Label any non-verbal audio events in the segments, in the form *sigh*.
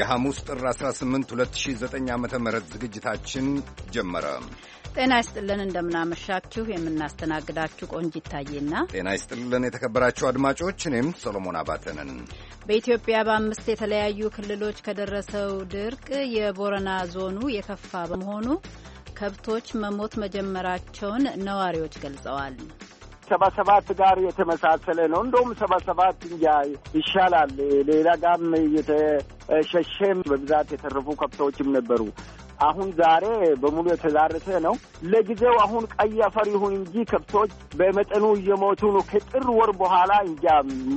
የሐሙስ ጥር 18 2009 ዓ ም ዝግጅታችን ጀመረ። ጤና ይስጥልን፣ እንደምናመሻችሁ። የምናስተናግዳችሁ ቆንጅ ይታየና ጤና ይስጥልን የተከበራችሁ አድማጮች፣ እኔም ሰሎሞን አባተንን። በኢትዮጵያ በአምስት የተለያዩ ክልሎች ከደረሰው ድርቅ የቦረና ዞኑ የከፋ በመሆኑ ከብቶች መሞት መጀመራቸውን ነዋሪዎች ገልጸዋል። ሰባ ሰባት ጋር የተመሳሰለ ነው። እንደውም ሰባ ሰባት እንጃ ይሻላል። ሌላ ጋም የተሸሸም በብዛት የተረፉ ከብቶችም ነበሩ። አሁን ዛሬ በሙሉ የተዛረሰ ነው። ለጊዜው አሁን ቀይ አፈር ይሁን እንጂ ከብቶች በመጠኑ እየሞቱ ነው። ከጥር ወር በኋላ እንጃ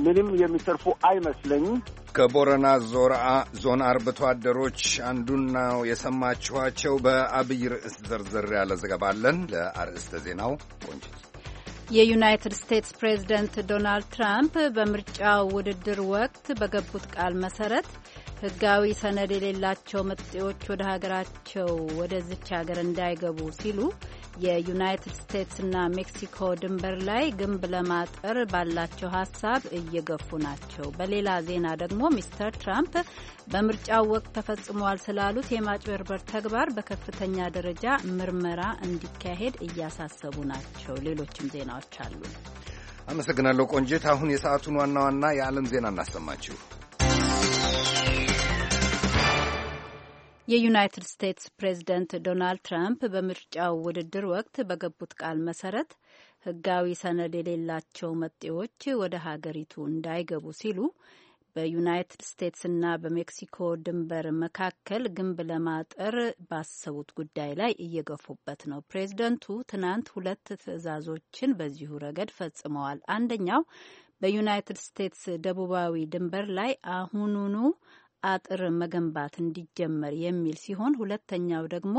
ምንም የሚተርፉ አይመስለኝም። ከቦረና ዞርአ ዞን አርብቶ አደሮች አንዱና የሰማችኋቸው። በአብይ ርዕስ ዘርዘር ያለ ዘገባ አለን። ለአርዕስተ ዜናው ቆንጭት የዩናይትድ ስቴትስ ፕሬዝደንት ዶናልድ ትራምፕ በምርጫው ውድድር ወቅት በገቡት ቃል መሰረት ህጋዊ ሰነድ የሌላቸው መጤዎች ወደ ሀገራቸው ወደዚች ሀገር እንዳይገቡ ሲሉ የዩናይትድ ስቴትስና ሜክሲኮ ድንበር ላይ ግንብ ለማጠር ባላቸው ሀሳብ እየገፉ ናቸው። በሌላ ዜና ደግሞ ሚስተር ትራምፕ በምርጫው ወቅት ተፈጽሟል ስላሉት የማጭበርበር ተግባር በከፍተኛ ደረጃ ምርመራ እንዲካሄድ እያሳሰቡ ናቸው። ሌሎችም ዜናዎች አሉ። አመሰግናለሁ ቆንጂት። አሁን የሰዓቱን ዋና ዋና የዓለም ዜና እናሰማችሁ። የዩናይትድ ስቴትስ ፕሬዝደንት ዶናልድ ትራምፕ በምርጫው ውድድር ወቅት በገቡት ቃል መሰረት ሕጋዊ ሰነድ የሌላቸው መጤዎች ወደ ሀገሪቱ እንዳይገቡ ሲሉ በዩናይትድ ስቴትስና በሜክሲኮ ድንበር መካከል ግንብ ለማጠር ባሰቡት ጉዳይ ላይ እየገፉበት ነው። ፕሬዝደንቱ ትናንት ሁለት ትዕዛዞችን በዚሁ ረገድ ፈጽመዋል። አንደኛው በዩናይትድ ስቴትስ ደቡባዊ ድንበር ላይ አሁኑኑ አጥር መገንባት እንዲጀመር የሚል ሲሆን ሁለተኛው ደግሞ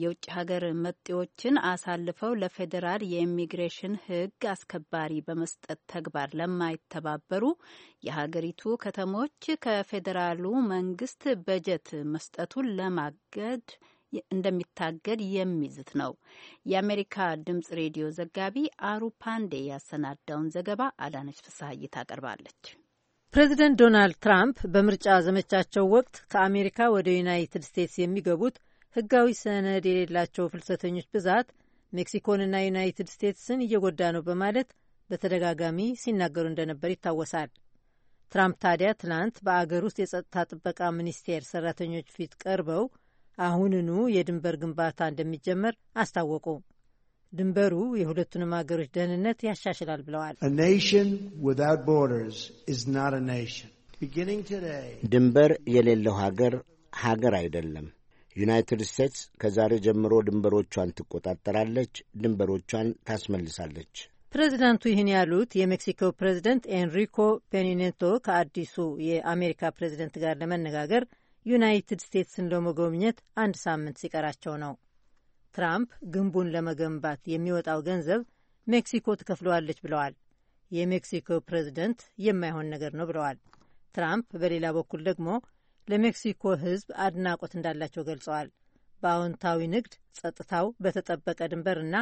የውጭ ሀገር መጤዎችን አሳልፈው ለፌዴራል የኢሚግሬሽን ሕግ አስከባሪ በመስጠት ተግባር ለማይተባበሩ የሀገሪቱ ከተሞች ከፌዴራሉ መንግስት በጀት መስጠቱን ለማገድ እንደሚታገድ የሚዝት ነው። የአሜሪካ ድምጽ ሬዲዮ ዘጋቢ አሩ ፓንዴ ያሰናዳውን ዘገባ አዳነች ፍስሀዬ ታቀርባለች። ፕሬዚደንት ዶናልድ ትራምፕ በምርጫ ዘመቻቸው ወቅት ከአሜሪካ ወደ ዩናይትድ ስቴትስ የሚገቡት ሕጋዊ ሰነድ የሌላቸው ፍልሰተኞች ብዛት ሜክሲኮንና ዩናይትድ ስቴትስን እየጎዳ ነው በማለት በተደጋጋሚ ሲናገሩ እንደነበር ይታወሳል። ትራምፕ ታዲያ ትናንት በአገር ውስጥ የጸጥታ ጥበቃ ሚኒስቴር ሰራተኞች ፊት ቀርበው አሁንኑ የድንበር ግንባታ እንደሚጀመር አስታወቁ። ድንበሩ የሁለቱንም ሀገሮች ደህንነት ያሻሽላል ብለዋል። ድንበር የሌለው ሀገር ሀገር አይደለም። ዩናይትድ ስቴትስ ከዛሬ ጀምሮ ድንበሮቿን ትቆጣጠራለች፣ ድንበሮቿን ታስመልሳለች። ፕሬዚዳንቱ ይህን ያሉት የሜክሲኮ ፕሬዚደንት ኤንሪኮ ፔኒኔቶ ከአዲሱ የአሜሪካ ፕሬዚደንት ጋር ለመነጋገር ዩናይትድ ስቴትስን ለመጎብኘት አንድ ሳምንት ሲቀራቸው ነው። ትራምፕ ግንቡን ለመገንባት የሚወጣው ገንዘብ ሜክሲኮ ትከፍለዋለች ብለዋል። የሜክሲኮ ፕሬዚደንት የማይሆን ነገር ነው ብለዋል። ትራምፕ በሌላ በኩል ደግሞ ለሜክሲኮ ሕዝብ አድናቆት እንዳላቸው ገልጸዋል። በአዎንታዊ ንግድ፣ ጸጥታው በተጠበቀ ድንበርና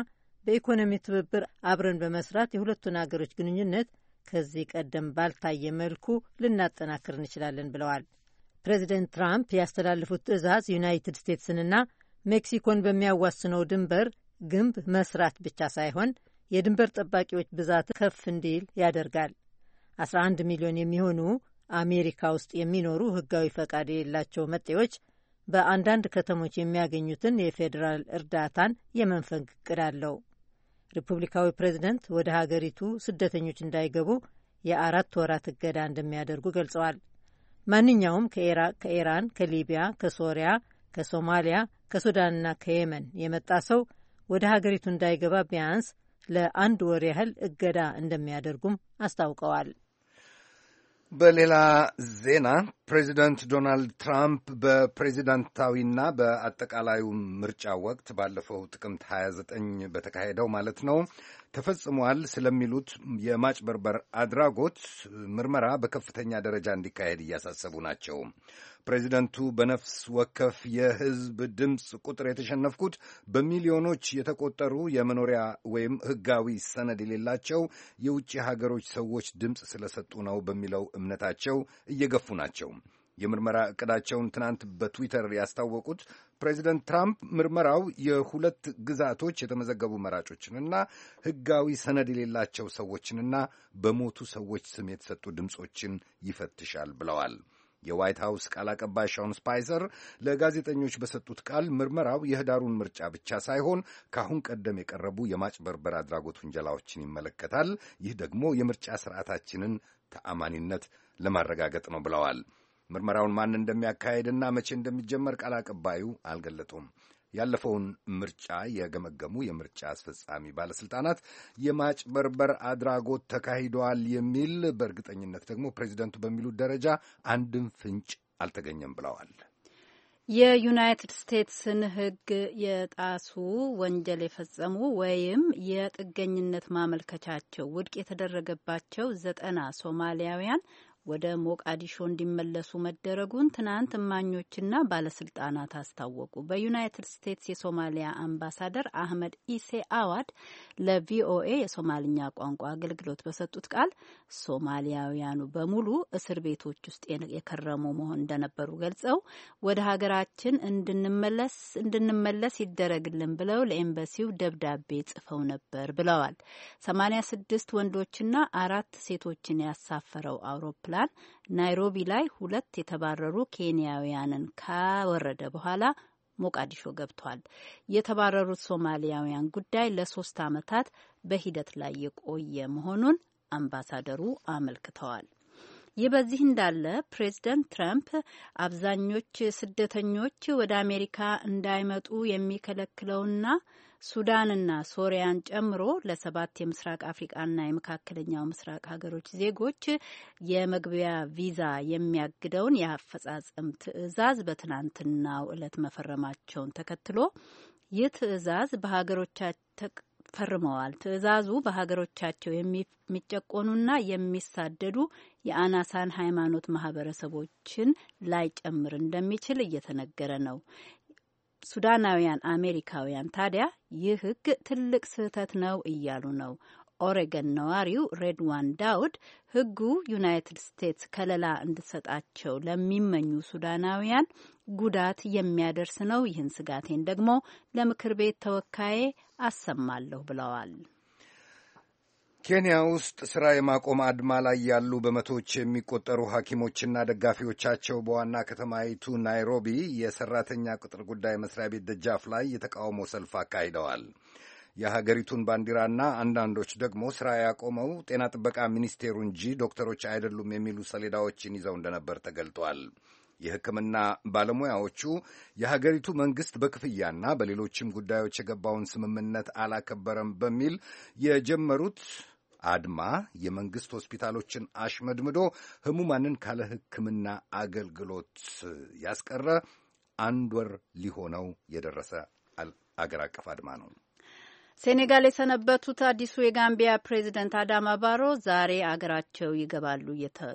በኢኮኖሚ ትብብር አብረን በመስራት የሁለቱን አገሮች ግንኙነት ከዚህ ቀደም ባልታየ መልኩ ልናጠናክር እንችላለን ብለዋል። ፕሬዚደንት ትራምፕ ያስተላለፉት ትዕዛዝ ዩናይትድ ስቴትስንና ሜክሲኮን በሚያዋስነው ድንበር ግንብ መስራት ብቻ ሳይሆን የድንበር ጠባቂዎች ብዛት ከፍ እንዲል ያደርጋል። 11 ሚሊዮን የሚሆኑ አሜሪካ ውስጥ የሚኖሩ ሕጋዊ ፈቃድ የሌላቸው መጤዎች በአንዳንድ ከተሞች የሚያገኙትን የፌዴራል እርዳታን የመንፈግ እቅድ አለው። ሪፑብሊካዊ ፕሬዚደንት ወደ ሀገሪቱ ስደተኞች እንዳይገቡ የአራት ወራት እገዳ እንደሚያደርጉ ገልጸዋል። ማንኛውም ከኢራቅ፣ ከኢራን፣ ከሊቢያ፣ ከሶሪያ ከሶማሊያ ከሱዳንና ከየመን የመጣ ሰው ወደ ሀገሪቱ እንዳይገባ ቢያንስ ለአንድ ወር ያህል እገዳ እንደሚያደርጉም አስታውቀዋል። በሌላ ዜና ፕሬዚደንት ዶናልድ ትራምፕ በፕሬዚዳንታዊና በአጠቃላዩ ምርጫ ወቅት ባለፈው ጥቅምት 29 በተካሄደው ማለት ነው ተፈጽሟል ስለሚሉት የማጭበርበር አድራጎት ምርመራ በከፍተኛ ደረጃ እንዲካሄድ እያሳሰቡ ናቸው። ፕሬዚደንቱ በነፍስ ወከፍ የሕዝብ ድምፅ ቁጥር የተሸነፍኩት በሚሊዮኖች የተቆጠሩ የመኖሪያ ወይም ሕጋዊ ሰነድ የሌላቸው የውጭ ሀገሮች ሰዎች ድምፅ ስለሰጡ ነው በሚለው እምነታቸው እየገፉ ናቸው። የምርመራ እቅዳቸውን ትናንት በትዊተር ያስታወቁት ፕሬዚደንት ትራምፕ ምርመራው የሁለት ግዛቶች የተመዘገቡ መራጮችንና ሕጋዊ ሰነድ የሌላቸው ሰዎችንና በሞቱ ሰዎች ስም የተሰጡ ድምፆችን ይፈትሻል ብለዋል። የዋይት ሀውስ ቃል አቀባይ ሻውን ስፓይሰር ለጋዜጠኞች በሰጡት ቃል ምርመራው የህዳሩን ምርጫ ብቻ ሳይሆን ከአሁን ቀደም የቀረቡ የማጭበርበር አድራጎት ውንጀላዎችን ይመለከታል። ይህ ደግሞ የምርጫ ስርዓታችንን ተአማኒነት ለማረጋገጥ ነው ብለዋል። ምርመራውን ማን እንደሚያካሄድና መቼ እንደሚጀመር ቃል አቀባዩ አልገለጡም። ያለፈውን ምርጫ የገመገሙ የምርጫ አስፈጻሚ ባለስልጣናት የማጭበርበር አድራጎት ተካሂደዋል የሚል በእርግጠኝነት ደግሞ ፕሬዚደንቱ በሚሉት ደረጃ አንድም ፍንጭ አልተገኘም ብለዋል። የዩናይትድ ስቴትስን ሕግ የጣሱ ወንጀል የፈጸሙ ወይም የጥገኝነት ማመልከቻቸው ውድቅ የተደረገባቸው ዘጠና ሶማሊያውያን ወደ ሞቃዲሾ እንዲመለሱ መደረጉን ትናንት እማኞችና ባለስልጣናት አስታወቁ። በዩናይትድ ስቴትስ የሶማሊያ አምባሳደር አህመድ ኢሴ አዋድ ለቪኦኤ የሶማልኛ ቋንቋ አገልግሎት በሰጡት ቃል ሶማሊያውያኑ በሙሉ እስር ቤቶች ውስጥ የከረሙ መሆን እንደነበሩ ገልጸው ወደ ሀገራችን እንድንመለስ እንድንመለስ ይደረግልን ብለው ለኤምባሲው ደብዳቤ ጽፈው ነበር ብለዋል። ሰማኒያ ስድስት ወንዶችና አራት ሴቶችን ያሳፈረው አውሮፕላ አውሮፕላን ናይሮቢ ላይ ሁለት የተባረሩ ኬንያውያንን ካወረደ በኋላ ሞቃዲሾ ገብቷል። የተባረሩት ሶማሊያውያን ጉዳይ ለሶስት ዓመታት በሂደት ላይ የቆየ መሆኑን አምባሳደሩ አመልክተዋል። ይህ በዚህ እንዳለ ፕሬዚደንት ትራምፕ አብዛኞች ስደተኞች ወደ አሜሪካ እንዳይመጡ የሚከለክለውና ሱዳንና ሶሪያን ጨምሮ ለሰባት የምስራቅ አፍሪቃና የመካከለኛው ምስራቅ ሀገሮች ዜጎች የመግቢያ ቪዛ የሚያግደውን የአፈጻጸም ትዕዛዝ በትናንትናው ዕለት መፈረማቸውን ተከትሎ ይህ ትዕዛዝ በሀገሮቻቸው ፈርመዋል። ትዕዛዙ በሀገሮቻቸው የሚጨቆኑና የሚሳደዱ የአናሳን ሃይማኖት ማህበረሰቦችን ላይ ጨምር እንደሚችል እየተነገረ ነው። ሱዳናውያን አሜሪካውያን ታዲያ ይህ ህግ ትልቅ ስህተት ነው እያሉ ነው። ኦሬገን ነዋሪው ሬድዋን ዳውድ ህጉ ዩናይትድ ስቴትስ ከለላ እንድሰጣቸው ለሚመኙ ሱዳናውያን ጉዳት የሚያደርስ ነው፣ ይህን ስጋቴን ደግሞ ለምክር ቤት ተወካዬ አሰማለሁ ብለዋል። ኬንያ ውስጥ ሥራ የማቆም አድማ ላይ ያሉ በመቶዎች የሚቆጠሩ ሐኪሞችና ደጋፊዎቻቸው በዋና ከተማይቱ ናይሮቢ የሠራተኛ ቅጥር ጉዳይ መስሪያ ቤት ደጃፍ ላይ የተቃውሞ ሰልፍ አካሂደዋል። የሀገሪቱን ባንዲራና አንዳንዶች ደግሞ ስራ ያቆመው ጤና ጥበቃ ሚኒስቴሩ እንጂ ዶክተሮች አይደሉም የሚሉ ሰሌዳዎችን ይዘው እንደነበር ተገልጧል። የሕክምና ባለሙያዎቹ የሀገሪቱ መንግሥት በክፍያና በሌሎችም ጉዳዮች የገባውን ስምምነት አላከበረም በሚል የጀመሩት አድማ የመንግስት ሆስፒታሎችን አሽመድምዶ ህሙማንን ካለ ሕክምና አገልግሎት ያስቀረ አንድ ወር ሊሆነው የደረሰ አገር አቀፍ አድማ ነው። ሴኔጋል የሰነበቱት አዲሱ የጋምቢያ ፕሬዚደንት አዳማ ባሮ ዛሬ አገራቸው ይገባሉ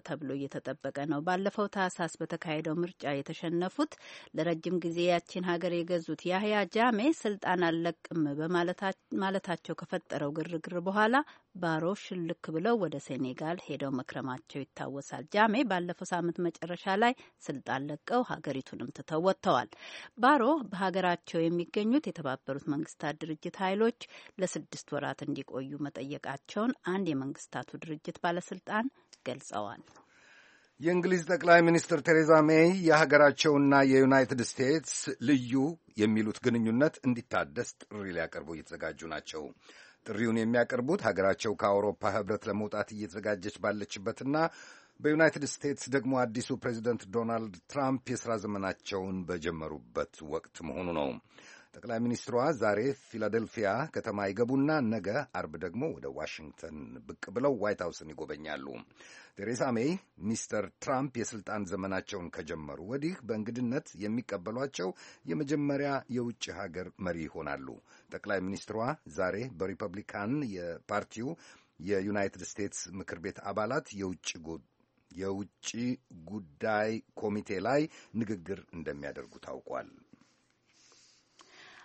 ተብሎ እየተጠበቀ ነው። ባለፈው ታህሳስ በተካሄደው ምርጫ የተሸነፉት ለረጅም ጊዜ ያቺን ሀገር የገዙት ያህያ ጃሜ ስልጣን አልለቅም በማለታቸው ከፈጠረው ግርግር በኋላ ባሮ ሽልክ ብለው ወደ ሴኔጋል ሄደው መክረማቸው ይታወሳል። ጃሜ ባለፈው ሳምንት መጨረሻ ላይ ስልጣን ለቀው ሀገሪቱንም ትተው ወጥተዋል። ባሮ በሀገራቸው የሚገኙት የተባበሩት መንግስታት ድርጅት ኃይሎች ለስድስት ወራት እንዲቆዩ መጠየቃቸውን አንድ የመንግስታቱ ድርጅት ባለስልጣን ገልጸዋል። የእንግሊዝ ጠቅላይ ሚኒስትር ቴሬዛ ሜይ የሀገራቸውና የዩናይትድ ስቴትስ ልዩ የሚሉት ግንኙነት እንዲታደስ ጥሪ ሊያቀርቡ እየተዘጋጁ ናቸው። ጥሪውን የሚያቀርቡት ሀገራቸው ከአውሮፓ ህብረት ለመውጣት እየተዘጋጀች ባለችበትና በዩናይትድ ስቴትስ ደግሞ አዲሱ ፕሬዚደንት ዶናልድ ትራምፕ የሥራ ዘመናቸውን በጀመሩበት ወቅት መሆኑ ነው። ጠቅላይ ሚኒስትሯ ዛሬ ፊላደልፊያ ከተማ ይገቡና ነገ አርብ ደግሞ ወደ ዋሽንግተን ብቅ ብለው ዋይት ሀውስን ይጎበኛሉ። ቴሬሳ ሜይ ሚስተር ትራምፕ የስልጣን ዘመናቸውን ከጀመሩ ወዲህ በእንግድነት የሚቀበሏቸው የመጀመሪያ የውጭ ሀገር መሪ ይሆናሉ። ጠቅላይ ሚኒስትሯ ዛሬ በሪፐብሊካን የፓርቲው የዩናይትድ ስቴትስ ምክር ቤት አባላት የውጭ የውጭ ጉዳይ ኮሚቴ ላይ ንግግር እንደሚያደርጉ ታውቋል።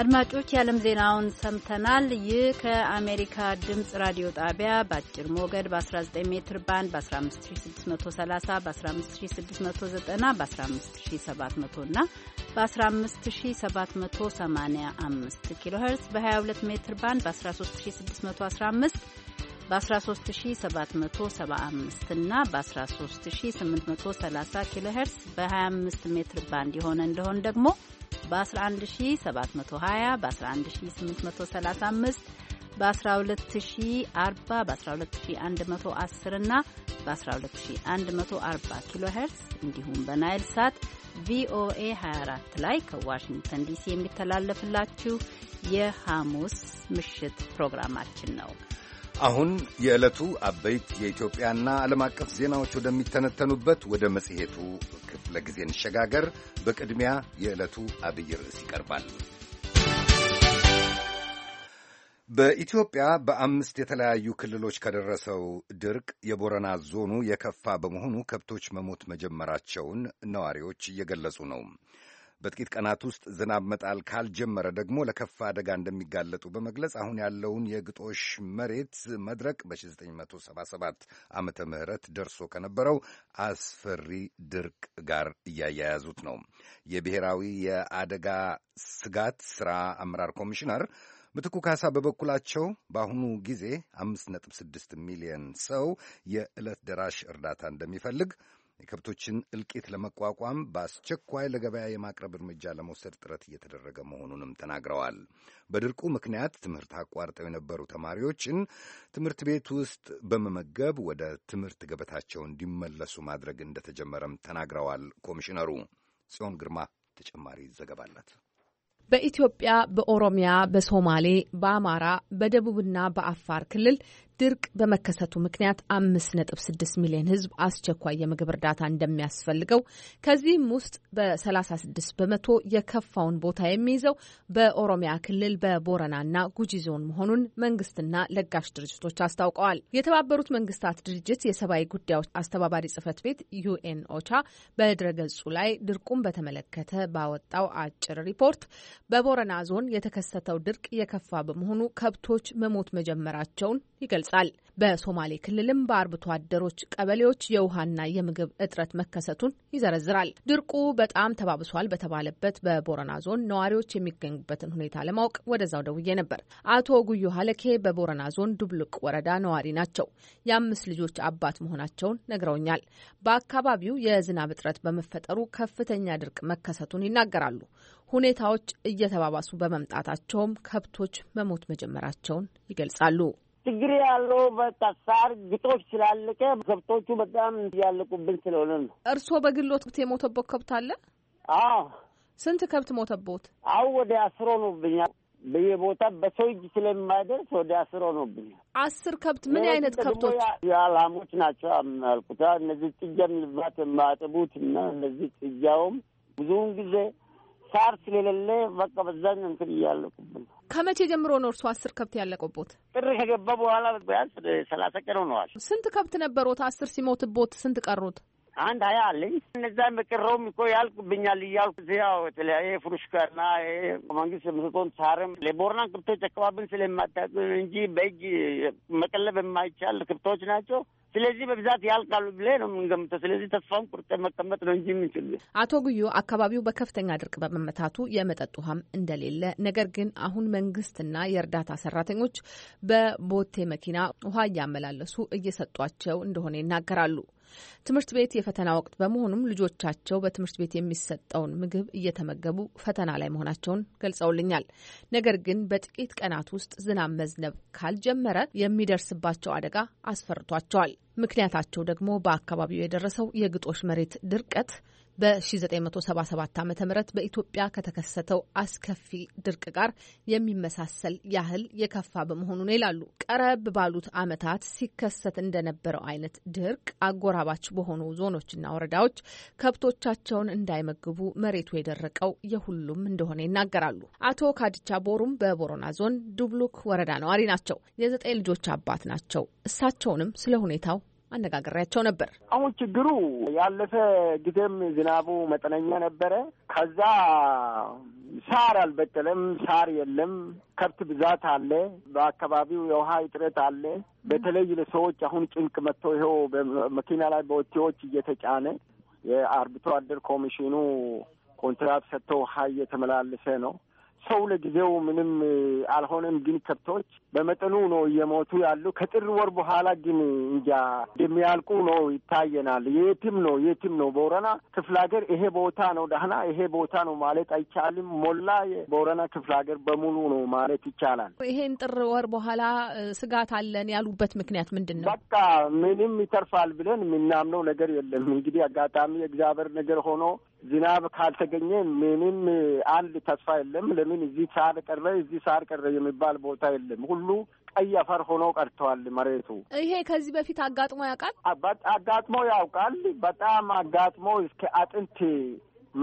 አድማጮች የዓለም ዜናውን ሰምተናል። ይህ ከአሜሪካ ድምፅ ራዲዮ ጣቢያ በአጭር ሞገድ በ19 ሜትር ባንድ በ15630 በ15690 በ15700 እና በ15785 ኪሎ ሄርዝ በ22 ሜትር ባንድ በ13615 በ13775 እና በ13830 ኪሎ ሄርዝ በ25 ሜትር ባንድ የሆነ እንደሆን ደግሞ በ11720 በ11835 በ12040 በ12110 እና በ12140 ኪሎ ሄርስ እንዲሁም በናይል ሳት ቪኦኤ 24 ላይ ከዋሽንግተን ዲሲ የሚተላለፍላችሁ የሐሙስ ምሽት ፕሮግራማችን ነው። አሁን የዕለቱ አበይት የኢትዮጵያና ዓለም አቀፍ ዜናዎች ወደሚተነተኑበት ወደ መጽሔቱ ክፍለ ጊዜ እንሸጋገር። በቅድሚያ የዕለቱ አብይ ርዕስ ይቀርባል። በኢትዮጵያ በአምስት የተለያዩ ክልሎች ከደረሰው ድርቅ የቦረና ዞኑ የከፋ በመሆኑ ከብቶች መሞት መጀመራቸውን ነዋሪዎች እየገለጹ ነው። በጥቂት ቀናት ውስጥ ዝናብ መጣል ካልጀመረ ደግሞ ለከፋ አደጋ እንደሚጋለጡ በመግለጽ አሁን ያለውን የግጦሽ መሬት መድረቅ በ1977 ዓመተ ምህረት ደርሶ ከነበረው አስፈሪ ድርቅ ጋር እያያያዙት ነው። የብሔራዊ የአደጋ ስጋት ሥራ አመራር ኮሚሽነር ምትኩ ካሳ በበኩላቸው በአሁኑ ጊዜ 5.6 ሚሊዮን ሰው የዕለት ደራሽ እርዳታ እንደሚፈልግ የከብቶችን እልቂት ለመቋቋም በአስቸኳይ ለገበያ የማቅረብ እርምጃ ለመውሰድ ጥረት እየተደረገ መሆኑንም ተናግረዋል። በድርቁ ምክንያት ትምህርት አቋርጠው የነበሩ ተማሪዎችን ትምህርት ቤት ውስጥ በመመገብ ወደ ትምህርት ገበታቸው እንዲመለሱ ማድረግ እንደተጀመረም ተናግረዋል። ኮሚሽነሩ ጽዮን ግርማ ተጨማሪ ዘገባ አላት። በኢትዮጵያ፣ በኦሮሚያ፣ በሶማሌ፣ በአማራ፣ በደቡብና በአፋር ክልል ድርቅ በመከሰቱ ምክንያት አምስት ነጥብ ስድስት ሚሊዮን ሕዝብ አስቸኳይ የምግብ እርዳታ እንደሚያስፈልገው ከዚህም ውስጥ በሰላሳ ስድስት በመቶ የከፋውን ቦታ የሚይዘው በኦሮሚያ ክልል በቦረናና ጉጂ ዞን መሆኑን መንግስትና ለጋሽ ድርጅቶች አስታውቀዋል። የተባበሩት መንግስታት ድርጅት የሰብአዊ ጉዳዮች አስተባባሪ ጽህፈት ቤት ዩኤን ኦቻ በድረገጹ ላይ ድርቁን በተመለከተ ባወጣው አጭር ሪፖርት በቦረና ዞን የተከሰተው ድርቅ የከፋ በመሆኑ ከብቶች መሞት መጀመራቸውን ይገልጻል። ይገልጻል። በሶማሌ ክልልም በአርብቶ አደሮች ቀበሌዎች የውሃና የምግብ እጥረት መከሰቱን ይዘረዝራል። ድርቁ በጣም ተባብሷል በተባለበት በቦረና ዞን ነዋሪዎች የሚገኙበትን ሁኔታ ለማወቅ ወደዛው ደውዬ ነበር። አቶ ጉዮ ሀለኬ በቦረና ዞን ዱብልቅ ወረዳ ነዋሪ ናቸው። የአምስት ልጆች አባት መሆናቸውን ነግረውኛል። በአካባቢው የዝናብ እጥረት በመፈጠሩ ከፍተኛ ድርቅ መከሰቱን ይናገራሉ። ሁኔታዎች እየተባባሱ በመምጣታቸውም ከብቶች መሞት መጀመራቸውን ይገልጻሉ። ችግር ያለው በቃ ሳር ግጦሽ ስላለቀ ከብቶቹ በጣም እያለቁብን ስለሆነ ነው። እርስዎ በግሎት ብት የሞተቦት ከብት አለ? አዎ። ስንት ከብት ሞተቦት? አሁ ወደ አስሮ ነውብኛ በየቦታ በሰው እጅ ስለማይደርስ ወደ አስሮ ሆኖብኛል። አስር ከብት ምን አይነት ከብቶች? ላሞች ናቸው ያልኩት እነዚህ ጥጃ ልባት የማያጥቡት እና እነዚህ ጥጃውም ብዙውን ጊዜ ሳር ስለሌለ በቃ በዛኝ እንትን እያለቁብን። ከመቼ ጀምሮ ነው እርሱ አስር ከብት ያለቀቦት? ጥር ከገባ በኋላ ቢያንስ ሰላሳ ቀን ሆነዋል። ስንት ከብት ነበሮት? አስር ሲሞት ቦት ስንት ቀሩት? አንድ ሀያ አለኝ። እነዛ የምቀረውም እኮ ያልቁብኛል እያልኩ ያው የተለያየ ፍሩሽካና መንግስት ምስቶን ሳርም ለቦርና ክብቶች አካባቢን ስለማታውቅ እንጂ በእጅ መቀለብ የማይቻል ክብቶች ናቸው። ስለዚህ በብዛት ያልቃሉ ብለ ነው የምንገምተው። ስለዚህ ተስፋውን ቁርጠን መቀመጥ ነው እንጂ የምንችል። አቶ ጉዩ አካባቢው በከፍተኛ ድርቅ በመመታቱ የመጠጥ ውሃም እንደሌለ፣ ነገር ግን አሁን መንግስትና የእርዳታ ሰራተኞች በቦቴ መኪና ውሃ እያመላለሱ እየሰጧቸው እንደሆነ ይናገራሉ። ትምህርት ቤት የፈተና ወቅት በመሆኑም ልጆቻቸው በትምህርት ቤት የሚሰጠውን ምግብ እየተመገቡ ፈተና ላይ መሆናቸውን ገልጸውልኛል። ነገር ግን በጥቂት ቀናት ውስጥ ዝናብ መዝነብ ካልጀመረ የሚደርስባቸው አደጋ አስፈርቷቸዋል። ምክንያታቸው ደግሞ በአካባቢው የደረሰው የግጦሽ መሬት ድርቀት በ1977 ዓ ም በኢትዮጵያ ከተከሰተው አስከፊ ድርቅ ጋር የሚመሳሰል ያህል የከፋ በመሆኑ ነው ይላሉ። ቀረብ ባሉት ዓመታት ሲከሰት እንደነበረው አይነት ድርቅ አጎራባች በሆኑ ዞኖችና ወረዳዎች ከብቶቻቸውን እንዳይመግቡ መሬቱ የደረቀው የሁሉም እንደሆነ ይናገራሉ። አቶ ካድቻ ቦሩም በቦሮና ዞን ዱብሉክ ወረዳ ነዋሪ ናቸው። የዘጠኝ ልጆች አባት ናቸው። እሳቸውንም ስለ ሁኔታው አነጋግሬያቸው ነበር። አሁን ችግሩ ያለፈ ጊዜም ዝናቡ መጠነኛ ነበረ። ከዛ ሳር አልበቀለም፣ ሳር የለም። ከብት ብዛት አለ፣ በአካባቢው የውሃ እጥረት አለ። በተለይ ለሰዎች አሁን ጭንቅ መጥቶ ይኸው በመኪና ላይ በወቴዎች እየተጫነ የአርብቶ አደር ኮሚሽኑ ኮንትራት ሰጥቶ ውሃ እየተመላለሰ ነው። ሰው ለጊዜው ምንም አልሆነም፣ ግን ከብቶች በመጠኑ ነው እየሞቱ ያሉ። ከጥር ወር በኋላ ግን እንጃ እንደሚያልቁ ነው ይታየናል። የትም ነው የትም ነው ቦረና ክፍለ ሀገር ይሄ ቦታ ነው ዳህና ይሄ ቦታ ነው ማለት አይቻልም። ሞላ ቦረና ክፍለ ሀገር በሙሉ ነው ማለት ይቻላል። ይሄን ጥር ወር በኋላ ስጋት አለን ያሉበት ምክንያት ምንድን ነው? በቃ ምንም ይተርፋል ብለን የምናምነው ነገር የለም። እንግዲህ አጋጣሚ የእግዚአብሔር ነገር ሆኖ ዝናብ ካልተገኘ ምንም አንድ ተስፋ የለም። ለምን እዚህ ሳር ቀረ፣ እዚህ ሳር ቀረ የሚባል ቦታ የለም። ሁሉ ቀይ አፈር ሆኖ ቀርተዋል መሬቱ። ይሄ ከዚህ በፊት አጋጥሞ ያውቃል፣ አጋጥሞ ያውቃል። በጣም አጋጥሞ እስከ አጥንት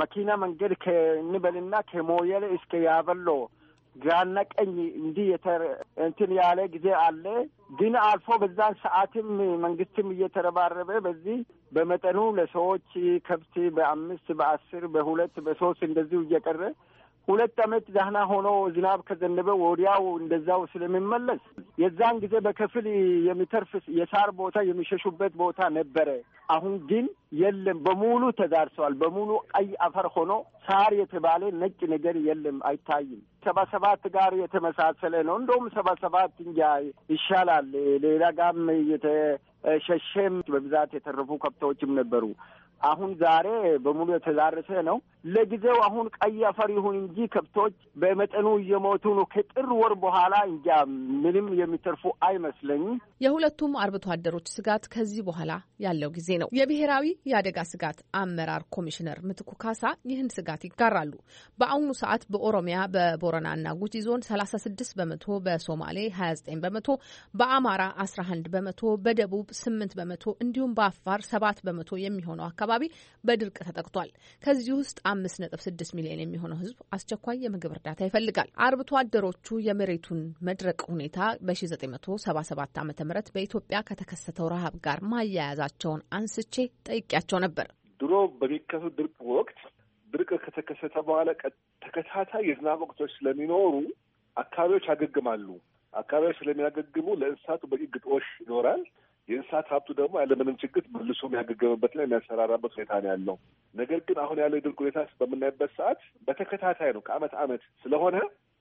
መኪና መንገድ ከንበልና ከሞየል እስከ ያበሎ ግራና ቀኝ እንዲህ እንትን ያለ ጊዜ አለ። ግን አልፎ በዛን ሰዓትም መንግስትም እየተረባረበ በዚህ በመጠኑ ለሰዎች ከብት በአምስት በአስር በሁለት በሶስት እንደዚሁ እየቀረ ሁለት ዓመት ዛህና ሆኖ ዝናብ ከዘነበ ወዲያው እንደዛው ስለሚመለስ የዛን ጊዜ በከፊል የሚተርፍ የሳር ቦታ የሚሸሹበት ቦታ ነበረ። አሁን ግን የለም፣ በሙሉ ተዳርሰዋል። በሙሉ ቀይ አፈር ሆኖ ሳር የተባለ ነጭ ነገር የለም፣ አይታይም። ሰባ ሰባት ጋር የተመሳሰለ ነው። እንደውም ሰባ ሰባት እንጃ ይሻላል። ሌላ ጋም ሸሼም በብዛት የተረፉ ከብቶችም ነበሩ። አሁን ዛሬ በሙሉ የተዛረሰ ነው። ለጊዜው አሁን ቀይ አፈር ይሁን እንጂ ከብቶች በመጠኑ እየሞቱ ነው። ከጥር ወር በኋላ እንጃ ምንም የሚተርፉ አይመስለኝም። የሁለቱም አርብቶ አደሮች ስጋት ከዚህ በኋላ ያለው ጊዜ ነው። የብሔራዊ የአደጋ ስጋት አመራር ኮሚሽነር ምትኩ ካሳ ይህን ስጋት ይጋራሉ። በአሁኑ ሰዓት በኦሮሚያ በቦረናና ጉጂ ዞን 36 በመቶ፣ በሶማሌ 29 በመቶ፣ በአማራ 11 በመቶ፣ በደቡብ 8 በመቶ እንዲሁም በአፋር 7 በመቶ የሚሆነው አካባቢ አካባቢ በድርቅ ተጠቅቷል። ከዚህ ውስጥ አምስት ነጥብ ስድስት ሚሊዮን የሚሆነው ህዝብ አስቸኳይ የምግብ እርዳታ ይፈልጋል። አርብቶ አደሮቹ የመሬቱን መድረቅ ሁኔታ በ1977 ዓ ም በኢትዮጵያ ከተከሰተው ረሃብ ጋር ማያያዛቸውን አንስቼ ጠይቄያቸው ነበር። ድሮ በሚከሱ ድርቅ ወቅት ድርቅ ከተከሰተ በኋላ ተከታታይ የዝናብ ወቅቶች ስለሚኖሩ አካባቢዎች ያገግማሉ። አካባቢዎች ስለሚያገግሙ ለእንስሳቱ በቂ ግጦሽ ይኖራል። የእንስሳት ሀብቱ ደግሞ ያለምንም ችግር መልሶ ላይ የሚያሰራራበት ሁኔታ ነው ያለው። ነገር ግን አሁን ያለው የድርቅ ሁኔታ በምናይበት ሰዓት በተከታታይ ነው ከአመት አመት ስለሆነ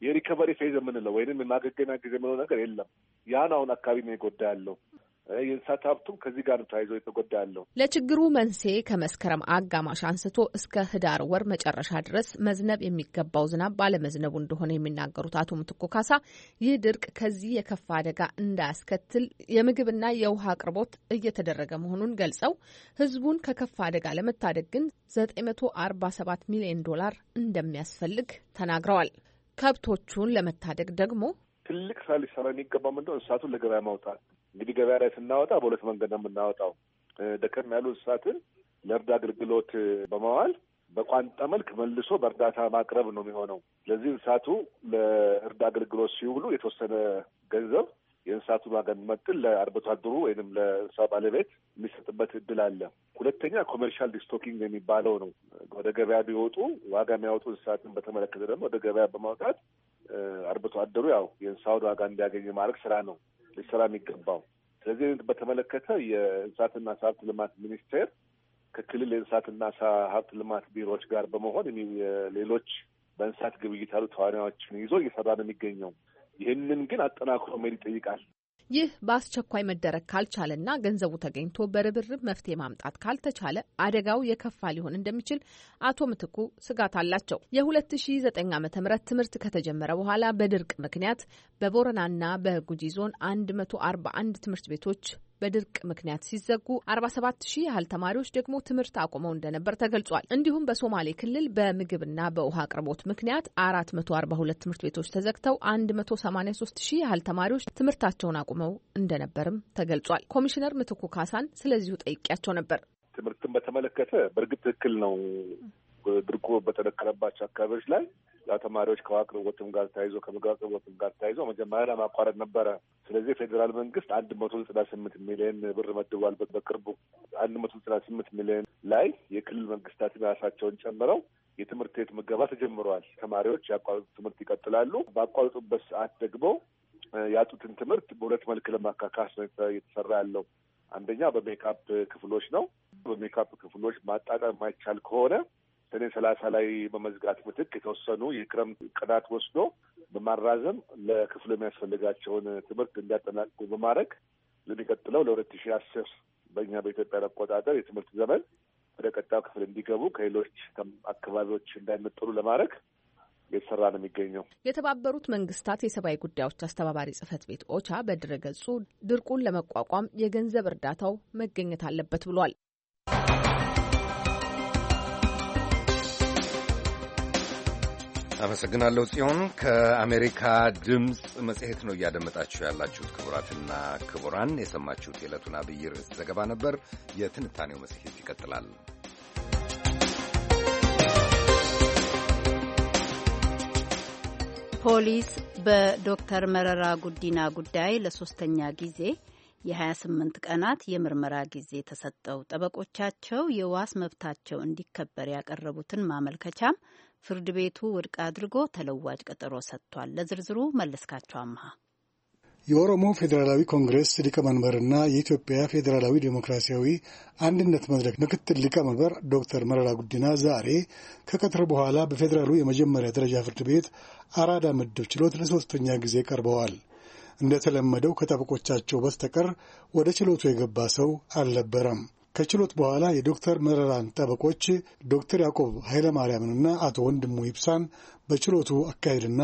የሪከቨሪ ፌዝ የምንለው ወይም የማገገሚያ ጊዜ የምለው ነገር የለም። ያን አሁን አካባቢ ነው የጎዳ ያለው። የእንስሳት ሀብቱም ከዚህ ጋር ተያይዞ የተጎዳ ያለው። ለችግሩ መንስኤ ከመስከረም አጋማሽ አንስቶ እስከ ህዳር ወር መጨረሻ ድረስ መዝነብ የሚገባው ዝናብ ባለመዝነቡ እንደሆነ የሚናገሩት አቶ ምትኮ ካሳ ይህ ድርቅ ከዚህ የከፋ አደጋ እንዳያስከትል የምግብና የውሃ አቅርቦት እየተደረገ መሆኑን ገልጸው ህዝቡን ከከፋ አደጋ ለመታደግ ግን 947 ሚሊዮን ዶላር እንደሚያስፈልግ ተናግረዋል። ከብቶቹን ለመታደግ ደግሞ ትልቅ ስራ ሊሰራ የሚገባ ምንድነው? እንስሳቱን ለገበያ ማውጣት እንግዲህ ገበያ ላይ ስናወጣ በሁለት መንገድ ነው የምናወጣው። ደከም ያሉ እንስሳትን ለእርድ አገልግሎት በመዋል በቋንጣ መልክ መልሶ በእርዳታ ማቅረብ ነው የሚሆነው። ስለዚህ እንስሳቱ ለእርድ አገልግሎት ሲውሉ የተወሰነ ገንዘብ የእንስሳቱ መጠን ለአርብቶ አደሩ ወይም ለእንስሳ ባለቤት የሚሰጥበት እድል አለ። ሁለተኛ ኮሜርሻል ዲስቶኪንግ የሚባለው ነው። ወደ ገበያ ቢወጡ ዋጋ የሚያወጡ እንስሳትን በተመለከተ ደግሞ ወደ ገበያ በማውጣት አርብቶ አደሩ ያው የእንስሳውን ዋጋ እንዲያገኝ ማድረግ ስራ ነው። ሊሰራ የሚገባው። ስለዚህ በተመለከተ የእንስሳትና ዓሳ ሀብት ልማት ሚኒስቴር ከክልል የእንስሳትና ሀብት ልማት ቢሮዎች ጋር በመሆን ሌሎች በእንስሳት ግብይት ያሉ ተዋናዮችን ይዞ እየሰራ ነው የሚገኘው። ይህንን ግን አጠናክሮ መሄድ ይጠይቃል። ይህ በአስቸኳይ መደረግ ካልቻለና ገንዘቡ ተገኝቶ በርብርብ መፍትሄ ማምጣት ካልተቻለ አደጋው የከፋ ሊሆን እንደሚችል አቶ ምትኩ ስጋት አላቸው። የ2009 ዓ ም ትምህርት ከተጀመረ በኋላ በድርቅ ምክንያት በቦረናና በጉጂ ዞን 141 ትምህርት ቤቶች በድርቅ ምክንያት ሲዘጉ 47 ሺህ ያህል ተማሪዎች ደግሞ ትምህርት አቁመው እንደነበር ተገልጿል። እንዲሁም በሶማሌ ክልል በምግብና በውሃ አቅርቦት ምክንያት 442 ትምህርት ቤቶች ተዘግተው 183 ሺህ ያህል ተማሪዎች ትምህርታቸውን አቁመው እንደነበርም ተገልጿል። ኮሚሽነር ምትኩ ካሳን ስለዚሁ ጠይቄያቸው ነበር። ትምህርትን በተመለከተ በእርግጥ ትክክል ነው ድርቁ በተደከለባቸው አካባቢዎች ላይ ተማሪዎች ከውሃ አቅርቦትም ጋር ተያይዞ ከምግብ አቅርቦትም ጋር ተያይዞ መጀመሪያ ለማቋረጥ ነበረ። ስለዚህ የፌዴራል መንግስት አንድ መቶ ዘጠና ስምንት ሚሊዮን ብር መድቧል። በቅርቡ አንድ መቶ ዘጠና ስምንት ሚሊዮን ላይ የክልል መንግስታት የራሳቸውን ጨምረው የትምህርት ቤት ምገባ ተጀምረዋል። ተማሪዎች ያቋረጡት ትምህርት ይቀጥላሉ። ባቋረጡበት ሰዓት ደግሞ ያጡትን ትምህርት በሁለት መልክ ለማካካስ ነው እየተሰራ ያለው። አንደኛ በሜካፕ ክፍሎች ነው። በሜካፕ ክፍሎች ማጣጠር ማይቻል ከሆነ ሰኔ ሰላሳ ላይ በመዝጋት ምትክ የተወሰኑ የክረምት ቀናት ወስዶ በማራዘም ለክፍሉ የሚያስፈልጋቸውን ትምህርት እንዲያጠናቅቁ በማድረግ ለሚቀጥለው ለሁለት ሺ አስር በእኛ በኢትዮጵያ አቆጣጠር የትምህርት ዘመን ወደ ቀጣዩ ክፍል እንዲገቡ ከሌሎች አካባቢዎች እንዳይመጠሉ ለማድረግ የተሰራ ነው የሚገኘው። የተባበሩት መንግስታት የሰብአዊ ጉዳዮች አስተባባሪ ጽህፈት ቤት ኦቻ በድረገጹ ድርቁን ለመቋቋም የገንዘብ እርዳታው መገኘት አለበት ብሏል። አመሰግናለሁ ጽዮን። ከአሜሪካ ድምፅ መጽሔት ነው እያደመጣችሁ ያላችሁት። ክቡራትና ክቡራን የሰማችሁት የዕለቱን አብይ ርዕስ ዘገባ ነበር። የትንታኔው መጽሔት ይቀጥላል። ፖሊስ በዶክተር መረራ ጉዲና ጉዳይ ለሶስተኛ ጊዜ የ28 ቀናት የምርመራ ጊዜ ተሰጠው። ጠበቆቻቸው የዋስ መብታቸው እንዲከበር ያቀረቡትን ማመልከቻም ፍርድ ቤቱ ውድቅ አድርጎ ተለዋጭ ቀጠሮ ሰጥቷል። ለዝርዝሩ መለስካቸው አመሃ የኦሮሞ ፌዴራላዊ ኮንግሬስ ሊቀመንበርና የኢትዮጵያ ፌዴራላዊ ዴሞክራሲያዊ አንድነት መድረክ ምክትል ሊቀመንበር ዶክተር መረራ ጉዲና ዛሬ ከቀትር በኋላ በፌዴራሉ የመጀመሪያ ደረጃ ፍርድ ቤት አራዳ ምድብ ችሎት ለሶስተኛ ጊዜ ቀርበዋል። እንደተለመደው ከጠበቆቻቸው በስተቀር ወደ ችሎቱ የገባ ሰው አልነበረም። ከችሎት በኋላ የዶክተር መረራን ጠበቆች ዶክተር ያዕቆብ ኃይለማርያምንና አቶ ወንድሙ ይብሳን በችሎቱ አካሄድና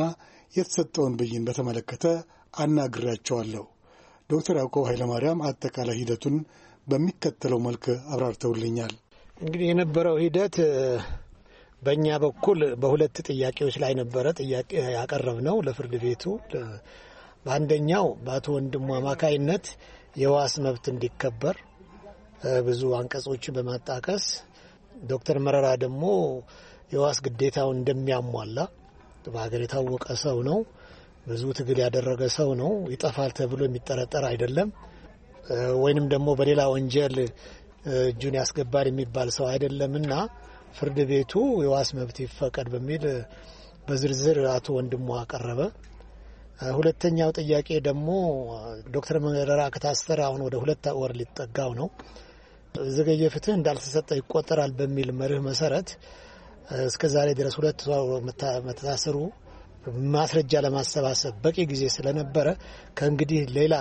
የተሰጠውን ብይን በተመለከተ አናግሬያቸዋለሁ። ዶክተር ያዕቆብ ኃይለማርያም አጠቃላይ ሂደቱን በሚከተለው መልክ አብራርተውልኛል። እንግዲህ የነበረው ሂደት በእኛ በኩል በሁለት ጥያቄዎች ላይ ነበረ ጥያቄ ያቀረብ ነው ለፍርድ ቤቱ። በአንደኛው በአቶ ወንድሙ አማካይነት የዋስ መብት እንዲከበር ብዙ አንቀጾችን በማጣቀስ ዶክተር መረራ ደግሞ የዋስ ግዴታውን እንደሚያሟላ በሀገር የታወቀ ሰው ነው። ብዙ ትግል ያደረገ ሰው ነው። ይጠፋል ተብሎ የሚጠረጠር አይደለም። ወይንም ደግሞ በሌላ ወንጀል እጁን ያስገባል የሚባል ሰው አይደለም እና ፍርድ ቤቱ የዋስ መብት ይፈቀድ በሚል በዝርዝር አቶ ወንድሙ አቀረበ። ሁለተኛው ጥያቄ ደግሞ ዶክተር መረራ ከታሰረ አሁን ወደ ሁለት ወር ሊጠጋው ነው። ዘገየ ፍትህ እንዳልተሰጠ ይቆጠራል በሚል መርህ መሰረት እስከ ዛሬ ድረስ ሁለት መታሰሩ ማስረጃ ለማሰባሰብ በቂ ጊዜ ስለነበረ ከእንግዲህ ሌላ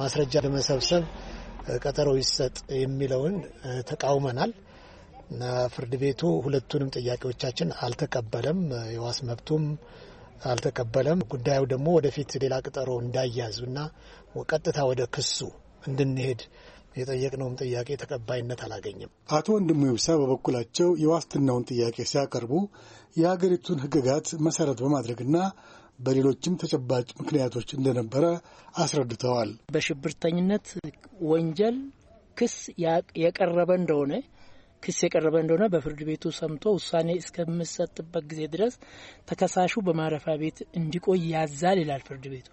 ማስረጃ ለመሰብሰብ ቀጠሮ ይሰጥ የሚለውን ተቃውመናል እና ፍርድ ቤቱ ሁለቱንም ጥያቄዎቻችን አልተቀበለም። የዋስ መብቱም አልተቀበለም። ጉዳዩ ደግሞ ወደፊት ሌላ ቀጠሮ እንዳያዙ እና ቀጥታ ወደ ክሱ እንድንሄድ የጠየቅነውም ጥያቄ ተቀባይነት አላገኘም። አቶ ወንድሙ ይብሳ በበኩላቸው የዋስትናውን ጥያቄ ሲያቀርቡ የሀገሪቱን ሕግጋት መሰረት በማድረግና በሌሎችም ተጨባጭ ምክንያቶች እንደነበረ አስረድተዋል። በሽብርተኝነት ወንጀል ክስ የቀረበ እንደሆነ ክስ የቀረበ እንደሆነ በፍርድ ቤቱ ሰምቶ ውሳኔ እስከሚሰጥበት ጊዜ ድረስ ተከሳሹ በማረፊያ ቤት እንዲቆይ ያዛል ይላል ፍርድ ቤቱ።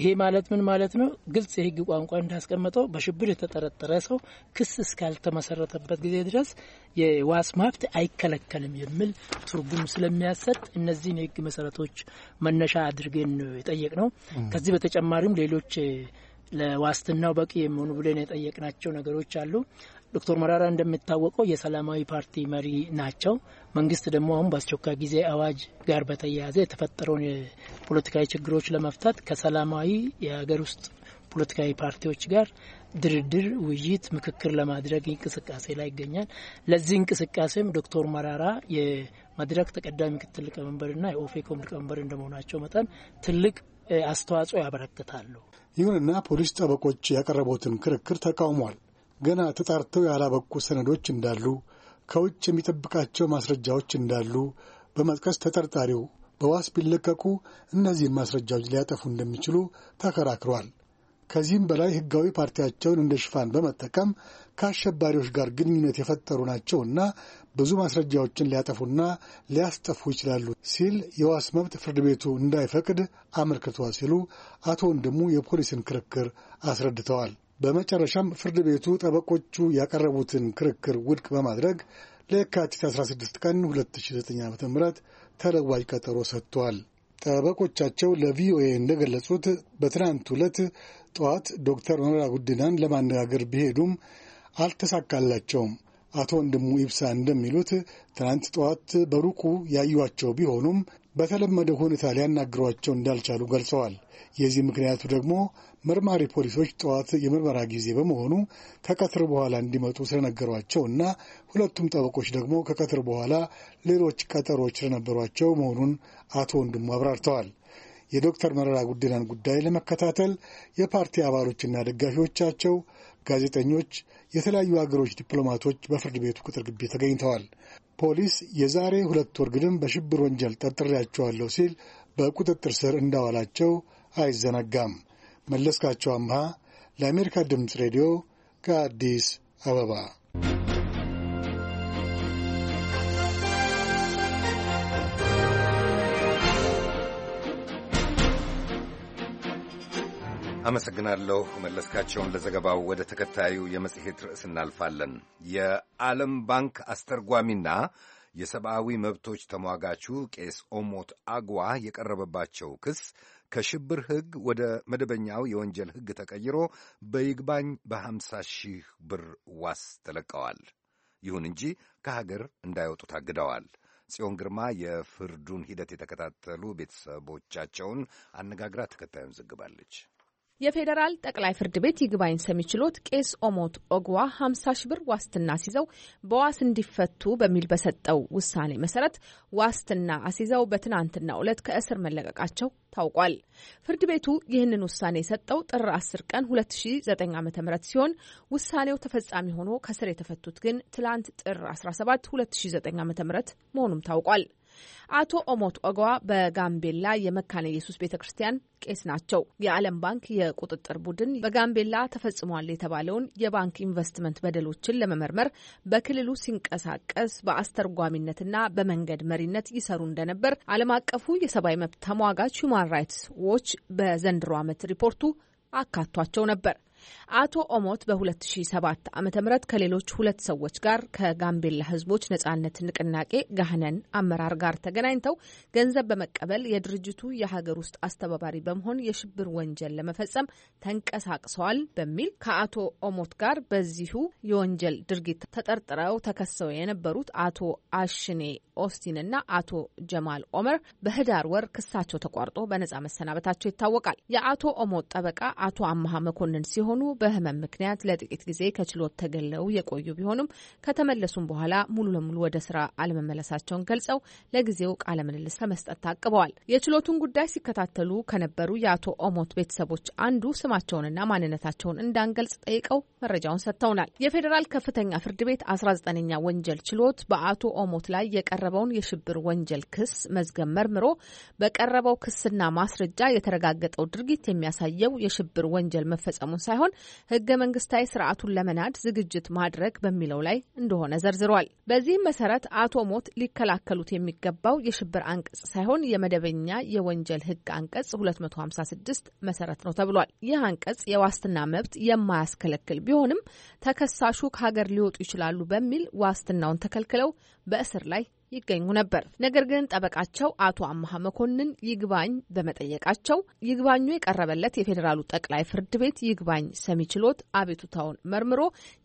ይሄ ማለት ምን ማለት ነው? ግልጽ የህግ ቋንቋ እንዳስቀመጠው በሽብር የተጠረጠረ ሰው ክስ እስካልተመሰረተበት ጊዜ ድረስ የዋስ መብት አይከለከልም የሚል ትርጉም ስለሚያሰጥ እነዚህን የህግ መሰረቶች መነሻ አድርገን የጠየቅ ነው። ከዚህ በተጨማሪም ሌሎች ለዋስትናው በቂ የሚሆኑ ብለን የጠየቅናቸው ነገሮች አሉ። ዶክተር መራራ እንደሚታወቀው የሰላማዊ ፓርቲ መሪ ናቸው። መንግስት ደግሞ አሁን በአስቸኳይ ጊዜ አዋጅ ጋር በተያያዘ የተፈጠረውን የፖለቲካዊ ችግሮች ለመፍታት ከሰላማዊ የሀገር ውስጥ ፖለቲካዊ ፓርቲዎች ጋር ድርድር፣ ውይይት፣ ምክክር ለማድረግ እንቅስቃሴ ላይ ይገኛል። ለዚህ እንቅስቃሴም ዶክተር መራራ የመድረክ ተቀዳሚ ምክትል ሊቀመንበርና የኦፌኮም ሊቀመንበር እንደመሆናቸው መጠን ትልቅ አስተዋጽኦ ያበረክታሉ። ይሁንና ፖሊስ ጠበቆች ያቀረቡትን ክርክር ተቃውሟል። ገና ተጣርተው ያላበቁ ሰነዶች እንዳሉ፣ ከውጭ የሚጠብቃቸው ማስረጃዎች እንዳሉ በመጥቀስ ተጠርጣሪው በዋስ ቢለቀቁ እነዚህን ማስረጃዎች ሊያጠፉ እንደሚችሉ ተከራክሯል። ከዚህም በላይ ሕጋዊ ፓርቲያቸውን እንደ ሽፋን በመጠቀም ከአሸባሪዎች ጋር ግንኙነት የፈጠሩ ናቸውና ብዙ ማስረጃዎችን ሊያጠፉና ሊያስጠፉ ይችላሉ ሲል የዋስ መብት ፍርድ ቤቱ እንዳይፈቅድ አመልክቷል ሲሉ አቶ ወንድሙ የፖሊስን ክርክር አስረድተዋል። በመጨረሻም ፍርድ ቤቱ ጠበቆቹ ያቀረቡትን ክርክር ውድቅ በማድረግ ለየካቲት 16 ቀን 2009 ዓ ም ተለዋጅ ቀጠሮ ሰጥቷል። ጠበቆቻቸው ለቪኦኤ እንደገለጹት በትናንት ዕለት ጠዋት ዶክተር መረራ ጉዲናን ለማነጋገር ቢሄዱም አልተሳካላቸውም። አቶ ወንድሙ ኢብሳ እንደሚሉት ትናንት ጠዋት በሩቁ ያዩቸው ቢሆኑም በተለመደ ሁኔታ ሊያናግሯቸው እንዳልቻሉ ገልጸዋል። የዚህ ምክንያቱ ደግሞ መርማሪ ፖሊሶች ጠዋት የምርመራ ጊዜ በመሆኑ ከቀትር በኋላ እንዲመጡ ስለነገሯቸው እና ሁለቱም ጠበቆች ደግሞ ከቀትር በኋላ ሌሎች ቀጠሮች ስለነበሯቸው መሆኑን አቶ ወንድሙ አብራርተዋል። የዶክተር መረራ ጉዲናን ጉዳይ ለመከታተል የፓርቲ አባሎችና ደጋፊዎቻቸው፣ ጋዜጠኞች፣ የተለያዩ አገሮች ዲፕሎማቶች በፍርድ ቤቱ ቅጥር ግቢ ተገኝተዋል። ፖሊስ የዛሬ ሁለት ወር ግድም በሽብር ወንጀል ጠርጥሬያቸዋለሁ ሲል በቁጥጥር ስር እንዳዋላቸው አይዘነጋም። መለስካቸው አምሃ ለአሜሪካ ድምፅ ሬዲዮ ከአዲስ አበባ አመሰግናለሁ መለስካቸውን ለዘገባው። ወደ ተከታዩ የመጽሔት ርዕስ እናልፋለን። የዓለም ባንክ አስተርጓሚና የሰብአዊ መብቶች ተሟጋቹ ቄስ ኦሞት አግዋ የቀረበባቸው ክስ ከሽብር ሕግ ወደ መደበኛው የወንጀል ሕግ ተቀይሮ በይግባኝ በሀምሳ ሺህ ብር ዋስ ተለቀዋል። ይሁን እንጂ ከሀገር እንዳይወጡ ታግደዋል። ጽዮን ግርማ የፍርዱን ሂደት የተከታተሉ ቤተሰቦቻቸውን አነጋግራ ተከታዩን ዘግባለች። የፌዴራል ጠቅላይ ፍርድ ቤት ይግባኝ ሰሚ ችሎት ቄስ ኦሞት ኦግዋ 50 ሺህ ብር ዋስትና አስይዘው በዋስ እንዲፈቱ በሚል በሰጠው ውሳኔ መሰረት ዋስትና አስይዘው በትናንትናው ዕለት ከእስር መለቀቃቸው ታውቋል። ፍርድ ቤቱ ይህንን ውሳኔ የሰጠው ጥር 10 ቀን 2009 ዓ ም ሲሆን ውሳኔው ተፈጻሚ ሆኖ ከስር የተፈቱት ግን ትላንት ጥር 17 2009 ዓ ም መሆኑም ታውቋል። አቶ ኦሞት ኦጓ በጋምቤላ የመካነ ኢየሱስ ቤተ ክርስቲያን ቄስ ናቸው። የዓለም ባንክ የቁጥጥር ቡድን በጋምቤላ ተፈጽሟል የተባለውን የባንክ ኢንቨስትመንት በደሎችን ለመመርመር በክልሉ ሲንቀሳቀስ በአስተርጓሚነትና በመንገድ መሪነት ይሰሩ እንደነበር ዓለም አቀፉ የሰብአዊ መብት ተሟጋች ሁማን ራይትስ ዎች በዘንድሮ ዓመት ሪፖርቱ አካቷቸው ነበር። አቶ ኦሞት በ2007 ዓ ም ከሌሎች ሁለት ሰዎች ጋር ከጋምቤላ ህዝቦች ነጻነት ንቅናቄ ጋህነን አመራር ጋር ተገናኝተው ገንዘብ በመቀበል የድርጅቱ የሀገር ውስጥ አስተባባሪ በመሆን የሽብር ወንጀል ለመፈጸም ተንቀሳቅሰዋል በሚል ከአቶ ኦሞት ጋር በዚሁ የወንጀል ድርጊት ተጠርጥረው ተከሰው የነበሩት አቶ አሽኔ ኦስቲን እና አቶ ጀማል ኦመር በህዳር ወር ክሳቸው ተቋርጦ በነጻ መሰናበታቸው ይታወቃል። የአቶ ኦሞት ጠበቃ አቶ አመሀ መኮንን ሲሆን ሰሞኑ በህመም ምክንያት ለጥቂት ጊዜ ከችሎት ተገለው የቆዩ ቢሆኑም ከተመለሱም በኋላ ሙሉ ለሙሉ ወደ ስራ አለመመለሳቸውን ገልጸው ለጊዜው ቃለ ምልልስ ከመስጠት ታቅበዋል። የችሎቱን ጉዳይ ሲከታተሉ ከነበሩ የአቶ ኦሞት ቤተሰቦች አንዱ ስማቸውንና ማንነታቸውን እንዳንገልጽ ጠይቀው መረጃውን ሰጥተውናል። የፌዴራል ከፍተኛ ፍርድ ቤት 19ኛ ወንጀል ችሎት በአቶ ኦሞት ላይ የቀረበውን የሽብር ወንጀል ክስ መዝገብ መርምሮ በቀረበው ክስና ማስረጃ የተረጋገጠው ድርጊት የሚያሳየው የሽብር ወንጀል መፈጸሙን ሳይሆን ሳይሆን ህገ መንግስታዊ ስርዓቱን ለመናድ ዝግጅት ማድረግ በሚለው ላይ እንደሆነ ዘርዝሯል። በዚህም መሰረት አቶ ሞት ሊከላከሉት የሚገባው የሽብር አንቀጽ ሳይሆን የመደበኛ የወንጀል ህግ አንቀጽ 256 መሰረት ነው ተብሏል። ይህ አንቀጽ የዋስትና መብት የማያስከለክል ቢሆንም ተከሳሹ ከሀገር ሊወጡ ይችላሉ በሚል ዋስትናውን ተከልክለው በእስር ላይ ይገኙ ነበር። ነገር ግን ጠበቃቸው አቶ አመሀ መኮንን ይግባኝ በመጠየቃቸው ይግባኙ የቀረበለት የፌዴራሉ ጠቅላይ ፍርድ ቤት ይግባኝ ሰሚ ችሎት አቤቱታውን መርምሮ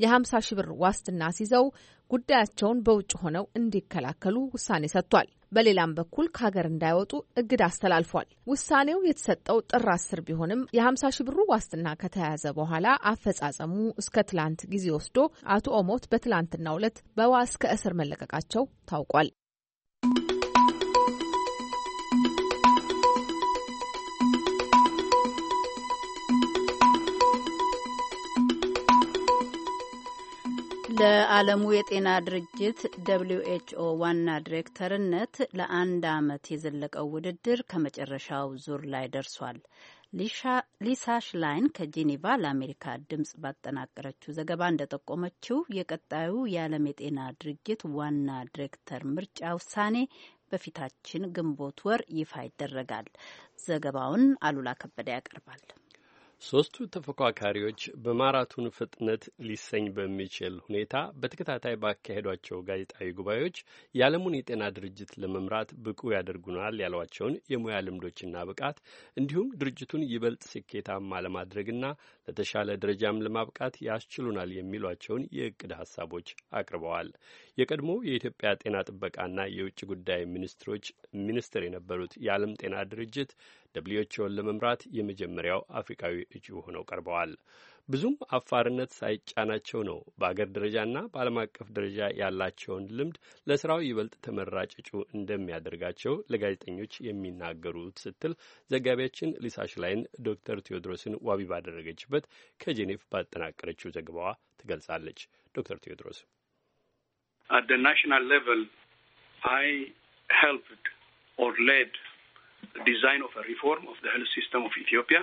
የ50 ሺ ብር ዋስትና ሲይዘው ጉዳያቸውን በውጭ ሆነው እንዲከላከሉ ውሳኔ ሰጥቷል። በሌላም በኩል ከሀገር እንዳይወጡ እግድ አስተላልፏል። ውሳኔው የተሰጠው ጥር አስር ቢሆንም የ50 ሺ ብሩ ዋስትና ከተያያዘ በኋላ አፈጻጸሙ እስከ ትላንት ጊዜ ወስዶ አቶ ኦሞት በትላንትናው ዕለት በዋስ ከእስር መለቀቃቸው ታውቋል። ለዓለሙ የጤና ድርጅት ደብሊው ኤችኦ ዋና ዲሬክተርነት ለአንድ ዓመት የዘለቀው ውድድር ከመጨረሻው ዙር ላይ ደርሷል። ሊሳ ሽላይን ከጄኔቫ ለአሜሪካ ድምጽ ባጠናቀረችው ዘገባ እንደጠቆመችው የቀጣዩ የዓለም የጤና ድርጅት ዋና ዲሬክተር ምርጫ ውሳኔ በፊታችን ግንቦት ወር ይፋ ይደረጋል። ዘገባውን አሉላ ከበደ ያቀርባል። ሦስቱ ተፎካካሪዎች በማራቶን ፍጥነት ሊሰኝ በሚችል ሁኔታ በተከታታይ ባካሄዷቸው ጋዜጣዊ ጉባኤዎች የዓለሙን የጤና ድርጅት ለመምራት ብቁ ያደርጉናል ያሏቸውን የሙያ ልምዶችና ብቃት እንዲሁም ድርጅቱን ይበልጥ ስኬታማ ለማድረግና ለተሻለ ደረጃም ለማብቃት ያስችሉናል የሚሏቸውን የእቅድ ሀሳቦች አቅርበዋል። የቀድሞ የኢትዮጵያ ጤና ጥበቃና የውጭ ጉዳይ ሚኒስትሮች ሚኒስትር የነበሩት የዓለም ጤና ድርጅት ደብሊውኤችኦን ለመምራት የመጀመሪያው አፍሪካዊ እጩ ሆነው ቀርበዋል። ብዙም አፋርነት ሳይጫናቸው ነው በአገር ደረጃና በዓለም አቀፍ ደረጃ ያላቸውን ልምድ ለስራው ይበልጥ ተመራጭ እጩ እንደሚያደርጋቸው ለጋዜጠኞች የሚናገሩት ስትል ዘጋቢያችን ሊሳሽላይን ዶክተር ቴዎድሮስን ዋቢ ባደረገችበት ከጄኔቭ ባጠናቀረችው ዘገባዋ ትገልጻለች። ዶክተር ቴዎድሮስ at ናሽናል ሌቨል level, I ኦር ሌድ ዲዛይን ኦፍ ሪፎርም ኦፍ ሄልት ሲስተም ኦፍ ኢትዮጵያ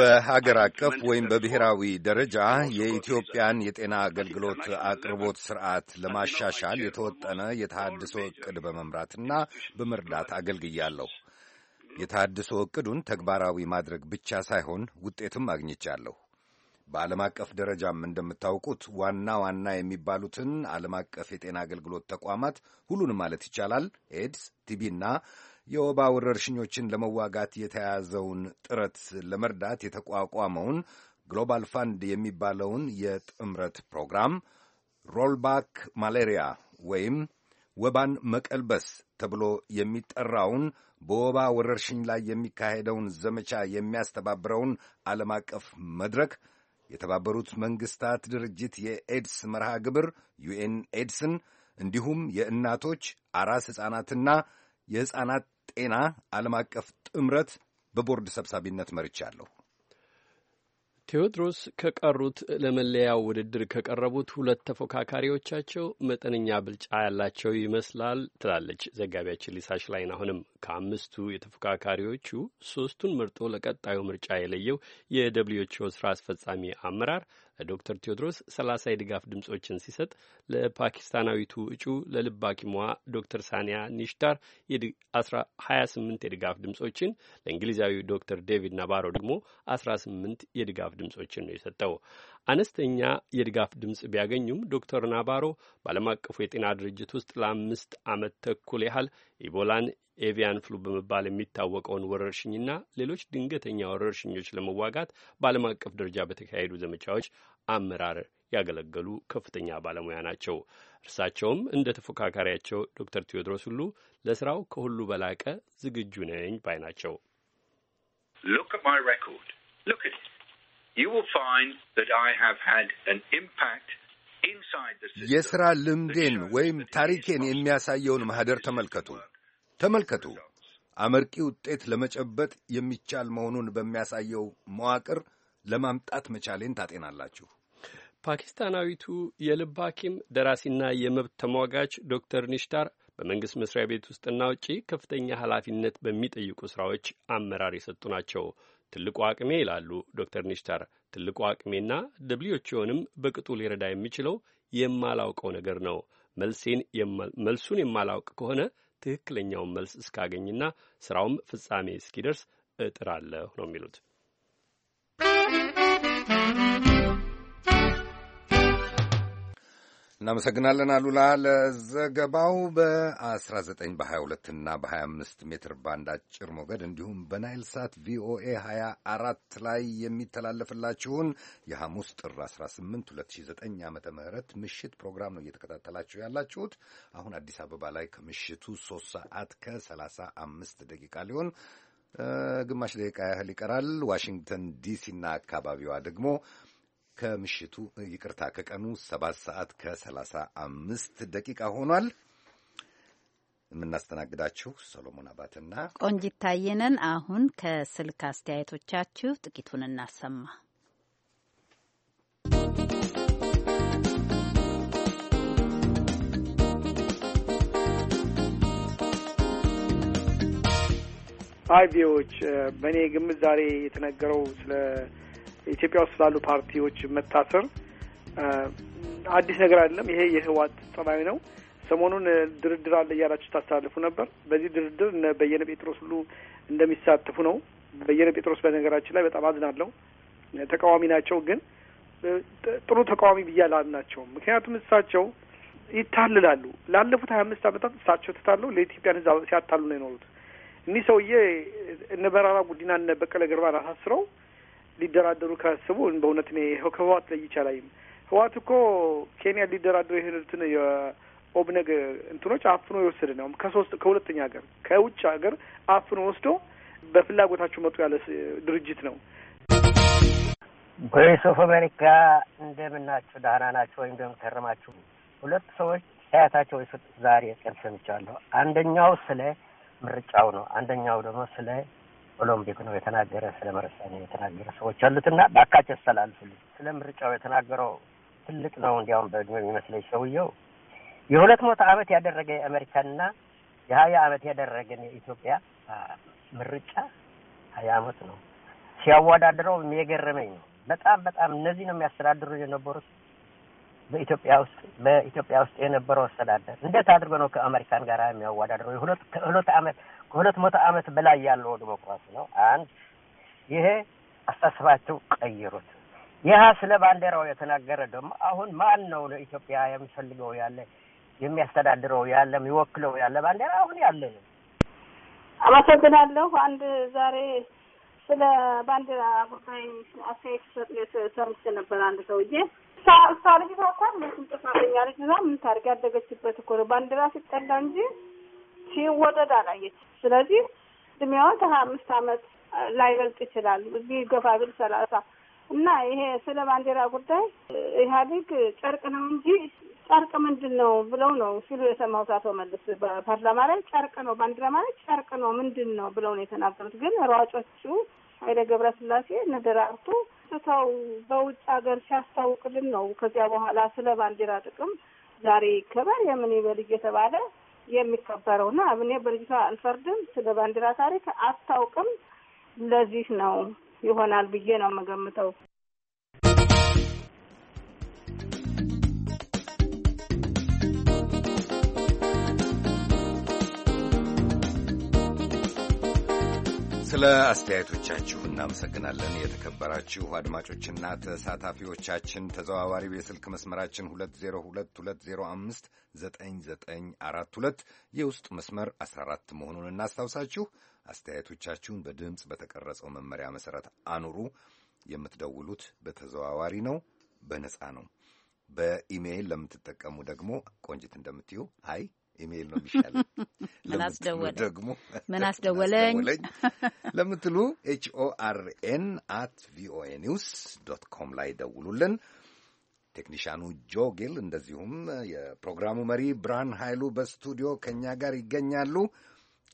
በሀገር አቀፍ ወይም በብሔራዊ ደረጃ የኢትዮጵያን የጤና አገልግሎት አቅርቦት ስርዓት ለማሻሻል የተወጠነ የተሃድሶ እቅድ በመምራትና በመርዳት አገልግያለሁ። mm-hmm. የተሃድሶ እቅዱን ተግባራዊ ማድረግ ብቻ ሳይሆን ውጤትም አግኝቻለሁ። በዓለም አቀፍ ደረጃም እንደምታውቁት ዋና ዋና የሚባሉትን ዓለም አቀፍ የጤና አገልግሎት ተቋማት ሁሉንም ማለት ይቻላል ኤድስ፣ ቲቢና የወባ ወረርሽኞችን ለመዋጋት የተያዘውን ጥረት ለመርዳት የተቋቋመውን ግሎባል ፋንድ የሚባለውን የጥምረት ፕሮግራም ሮልባክ ማላሪያ ወይም ወባን መቀልበስ ተብሎ የሚጠራውን በወባ ወረርሽኝ ላይ የሚካሄደውን ዘመቻ የሚያስተባብረውን ዓለም አቀፍ መድረክ የተባበሩት መንግሥታት ድርጅት የኤድስ መርሃ ግብር ዩኤን ኤድስን እንዲሁም የእናቶች አራስ ሕፃናትና የሕፃናት ጤና ዓለም አቀፍ ጥምረት በቦርድ ሰብሳቢነት መርቻለሁ። ቴዎድሮስ ከቀሩት ለመለያው ውድድር ከቀረቡት ሁለት ተፎካካሪዎቻቸው መጠነኛ ብልጫ ያላቸው ይመስላል ትላለች ዘጋቢያችን ሊሳሽ ላይን። አሁንም ከአምስቱ የተፎካካሪዎቹ ሶስቱን መርጦ ለቀጣዩ ምርጫ የለየው የደብልዩ ስራ አስፈጻሚ አመራር ለዶክተር ቴዎድሮስ ሰላሳ የድጋፍ ድምጾችን ሲሰጥ ለፓኪስታናዊቱ እጩ ለልብ ሐኪሟ ዶክተር ሳኒያ ኒሽዳር ሀያ ስምንት የድጋፍ ድምጾችን ለእንግሊዛዊው ዶክተር ዴቪድ ናባሮ ደግሞ አስራ ስምንት የድጋፍ ድምጾችን ነው የሰጠው። አነስተኛ የድጋፍ ድምፅ ቢያገኙም ዶክተር ናባሮ በዓለም አቀፉ የጤና ድርጅት ውስጥ ለአምስት ዓመት ተኩል ያህል ኢቦላን ኤቪያን ፍሉ በመባል የሚታወቀውን ወረርሽኝና ሌሎች ድንገተኛ ወረርሽኞች ለመዋጋት በዓለም አቀፍ ደረጃ በተካሄዱ ዘመቻዎች አመራር ያገለገሉ ከፍተኛ ባለሙያ ናቸው። እርሳቸውም እንደ ተፎካካሪያቸው ዶክተር ቴዎድሮስ ሁሉ ለስራው ከሁሉ በላቀ ዝግጁ ነኝ ባይ ናቸው። you will find that I have had an impact የሥራ ልምዴን ወይም ታሪኬን የሚያሳየውን ማኅደር ተመልከቱ ተመልከቱ። አመርቂ ውጤት ለመጨበጥ የሚቻል መሆኑን በሚያሳየው መዋቅር ለማምጣት መቻሌን ታጤናላችሁ። ፓኪስታናዊቱ የልብ ሐኪም ደራሲና የመብት ተሟጋች ዶክተር ኒሽታር በመንግስት መስሪያ ቤት ውስጥና ውጪ ከፍተኛ ኃላፊነት በሚጠይቁ ስራዎች አመራር የሰጡ ናቸው። ትልቁ አቅሜ ይላሉ ዶክተር ኒሽታር፣ ትልቁ አቅሜና ደብሊውኤችኦንም በቅጡ ሊረዳ የሚችለው የማላውቀው ነገር ነው። መልሱን የማላውቅ ከሆነ ትክክለኛውን መልስ እስካገኝና ስራውም ፍጻሜ እስኪደርስ እጥራለሁ ነው የሚሉት። እናመሰግናለን አሉላ ለዘገባው። በ19 በ22 እና በ25 ሜትር ባንድ አጭር ሞገድ እንዲሁም በናይል ሳት ቪኦኤ 24 ላይ የሚተላለፍላችሁን የሐሙስ ጥር 18 2009 ዓ ም ምሽት ፕሮግራም ነው እየተከታተላችሁ ያላችሁት። አሁን አዲስ አበባ ላይ ከምሽቱ 3 ሰዓት ከ35 ደቂቃ ሊሆን ግማሽ ደቂቃ ያህል ይቀራል። ዋሽንግተን ዲሲ እና አካባቢዋ ደግሞ ከምሽቱ ይቅርታ ከቀኑ ሰባት ሰዓት ከሰላሳ አምስት ደቂቃ ሆኗል። የምናስተናግዳችሁ ሰሎሞን አባትና ቆንጂት ታየነን። አሁን ከስልክ አስተያየቶቻችሁ ጥቂቱን እናሰማ። አይ ቪዎች በእኔ ግምት ዛሬ የተነገረው ስለ ኢትዮጵያ ውስጥ ስላሉ ፓርቲዎች መታሰር አዲስ ነገር አይደለም። ይሄ የህወሓት ጠባይ ነው። ሰሞኑን ድርድር አለ እያላችሁ ታስተላልፉ ነበር። በዚህ ድርድር እነ በየነ ጴጥሮስ ሁሉ እንደሚሳተፉ ነው። በየነ ጴጥሮስ በነገራችን ላይ በጣም አዝናለሁ። ተቃዋሚ ናቸው፣ ግን ጥሩ ተቃዋሚ ብዬ አላምናቸውም። ምክንያቱም እሳቸው ይታልላሉ። ላለፉት ሀያ አምስት ዓመታት እሳቸው ትታለው ለኢትዮጵያን ሕዝብ ሲያታሉ ነው የኖሩት። እኒህ ሰውዬ እነ በራራ ጉዲና እነ በቀለ ገርባን አሳስረው ሊደራደሩ ካስቡ በእውነት እኔ ከህዋት ለይቼ አላይም። ህዋት እኮ ኬንያ ሊደራደሩ የሄዱትን የኦብነግ እንትኖች አፍኖ የወሰደ ነው። ከሶስት ከሁለተኛ ሀገር ከውጭ ሀገር አፍኖ ወስዶ በፍላጎታቸው መጡ ያለ ድርጅት ነው። ቮይስ ኦፍ አሜሪካ እንደምናችሁ፣ ደህና ናችሁ ወይም እንደምንከረማችሁ። ሁለት ሰዎች አስተያየታቸው የሰጡት ዛሬ ቀን ሰምቻለሁ። አንደኛው ስለ ምርጫው ነው፣ አንደኛው ደግሞ ስለ ብሎም ቤት ነው የተናገረ፣ ስለ መረሳኔ የተናገረ ሰዎች አሉትና በአካቸ አስተላልፍልኝ። ስለ ምርጫው የተናገረው ትልቅ ነው። እንዲያውም በእድሜ የሚመስለኝ ሰውየው የሁለት መቶ ዓመት ያደረገ የአሜሪካና የሀያ ዓመት ያደረገን የኢትዮጵያ ምርጫ ሀያ ዓመት ነው ሲያወዳድረው የገረመኝ ነው። በጣም በጣም እነዚህ ነው የሚያስተዳድሩ የነበሩት በኢትዮጵያ ውስጥ በኢትዮጵያ ውስጥ የነበረው አስተዳደር እንዴት አድርጎ ነው ከአሜሪካን ጋር የሚያወዳድረው? የሁለት ከሁለት ዓመት ከሁለት መቶ ዓመት በላይ ያለው ዲሞክራሲ ነው። አንድ ይሄ አስተሳሰባቸው ቀይሩት። ይህ ስለ ባንዲራው የተናገረ ደግሞ አሁን ማን ነው ለኢትዮጵያ የሚፈልገው ያለ የሚያስተዳድረው ያለ የሚወክለው ያለ ባንዲራ አሁን ያለ ነው። አመሰግናለሁ። አንድ ዛሬ ስለ ባንዲራ ጉዳይ አስተያየት ሰጥ ሰምቼ ነበር። አንድ ሰውዬ ሳልጅ ታኳን ምን ጥፋተኛ ልጅ ምን ታርግ ያደገችበት እኮ ነው ባንዲራ ሲጠላ እንጂ ሲወደድ አላየች። ስለዚህ እድሜዋ ከሀያ አምስት አመት ላይበልጥ ይችላል ቢገፋ ቢል ሰላሳ እና ይሄ ስለ ባንዲራ ጉዳይ ኢህአዴግ ጨርቅ ነው እንጂ ጨርቅ ምንድን ነው ብለው ነው ሲሉ የሰማሁት አቶ መልስ በፓርላማ ላይ ጨርቅ ነው ባንዲራ ማለት ጨርቅ ነው ምንድን ነው ብለው ነው የተናገሩት። ግን ሯጮቹ ኃይለ ስላሴ ንድራርቱ ስተው በውጭ ሀገር ሲያስታውቅልን ነው። ከዚያ በኋላ ስለ ባንዲራ ጥቅም ዛሬ ይከበር የምን ይበል እየተባለ የሚከበረው እና እኔ በልጅቷ አልፈርድም። ስለ ባንዲራ ታሪክ አታውቅም። ለዚህ ነው ይሆናል ብዬ ነው የምገምተው። ስለ አስተያየቶቻችሁ እናመሰግናለን። የተከበራችሁ አድማጮችና ተሳታፊዎቻችን ተዘዋዋሪው የስልክ መስመራችን 2022059942 የውስጥ መስመር 14 መሆኑን እናስታውሳችሁ። አስተያየቶቻችሁን በድምፅ በተቀረጸው መመሪያ መሰረት አኑሩ። የምትደውሉት በተዘዋዋሪ ነው፣ በነፃ ነው። በኢሜይል ለምትጠቀሙ ደግሞ ቆንጅት እንደምትዩ አይ ኢሜይል ነው የሚሻለ። *laughs* ደግሞ ምን *laughs* አስደወለኝ *laughs* ለምትሉ ኤችኦአርኤን አት ቪኦኤ ኒውስ ዶት ኮም ላይ ደውሉልን። ቴክኒሽያኑ ጆ እንደዚሁም የፕሮግራሙ መሪ ብርሃን ኃይሉ በስቱዲዮ ከእኛ ጋር ይገኛሉ።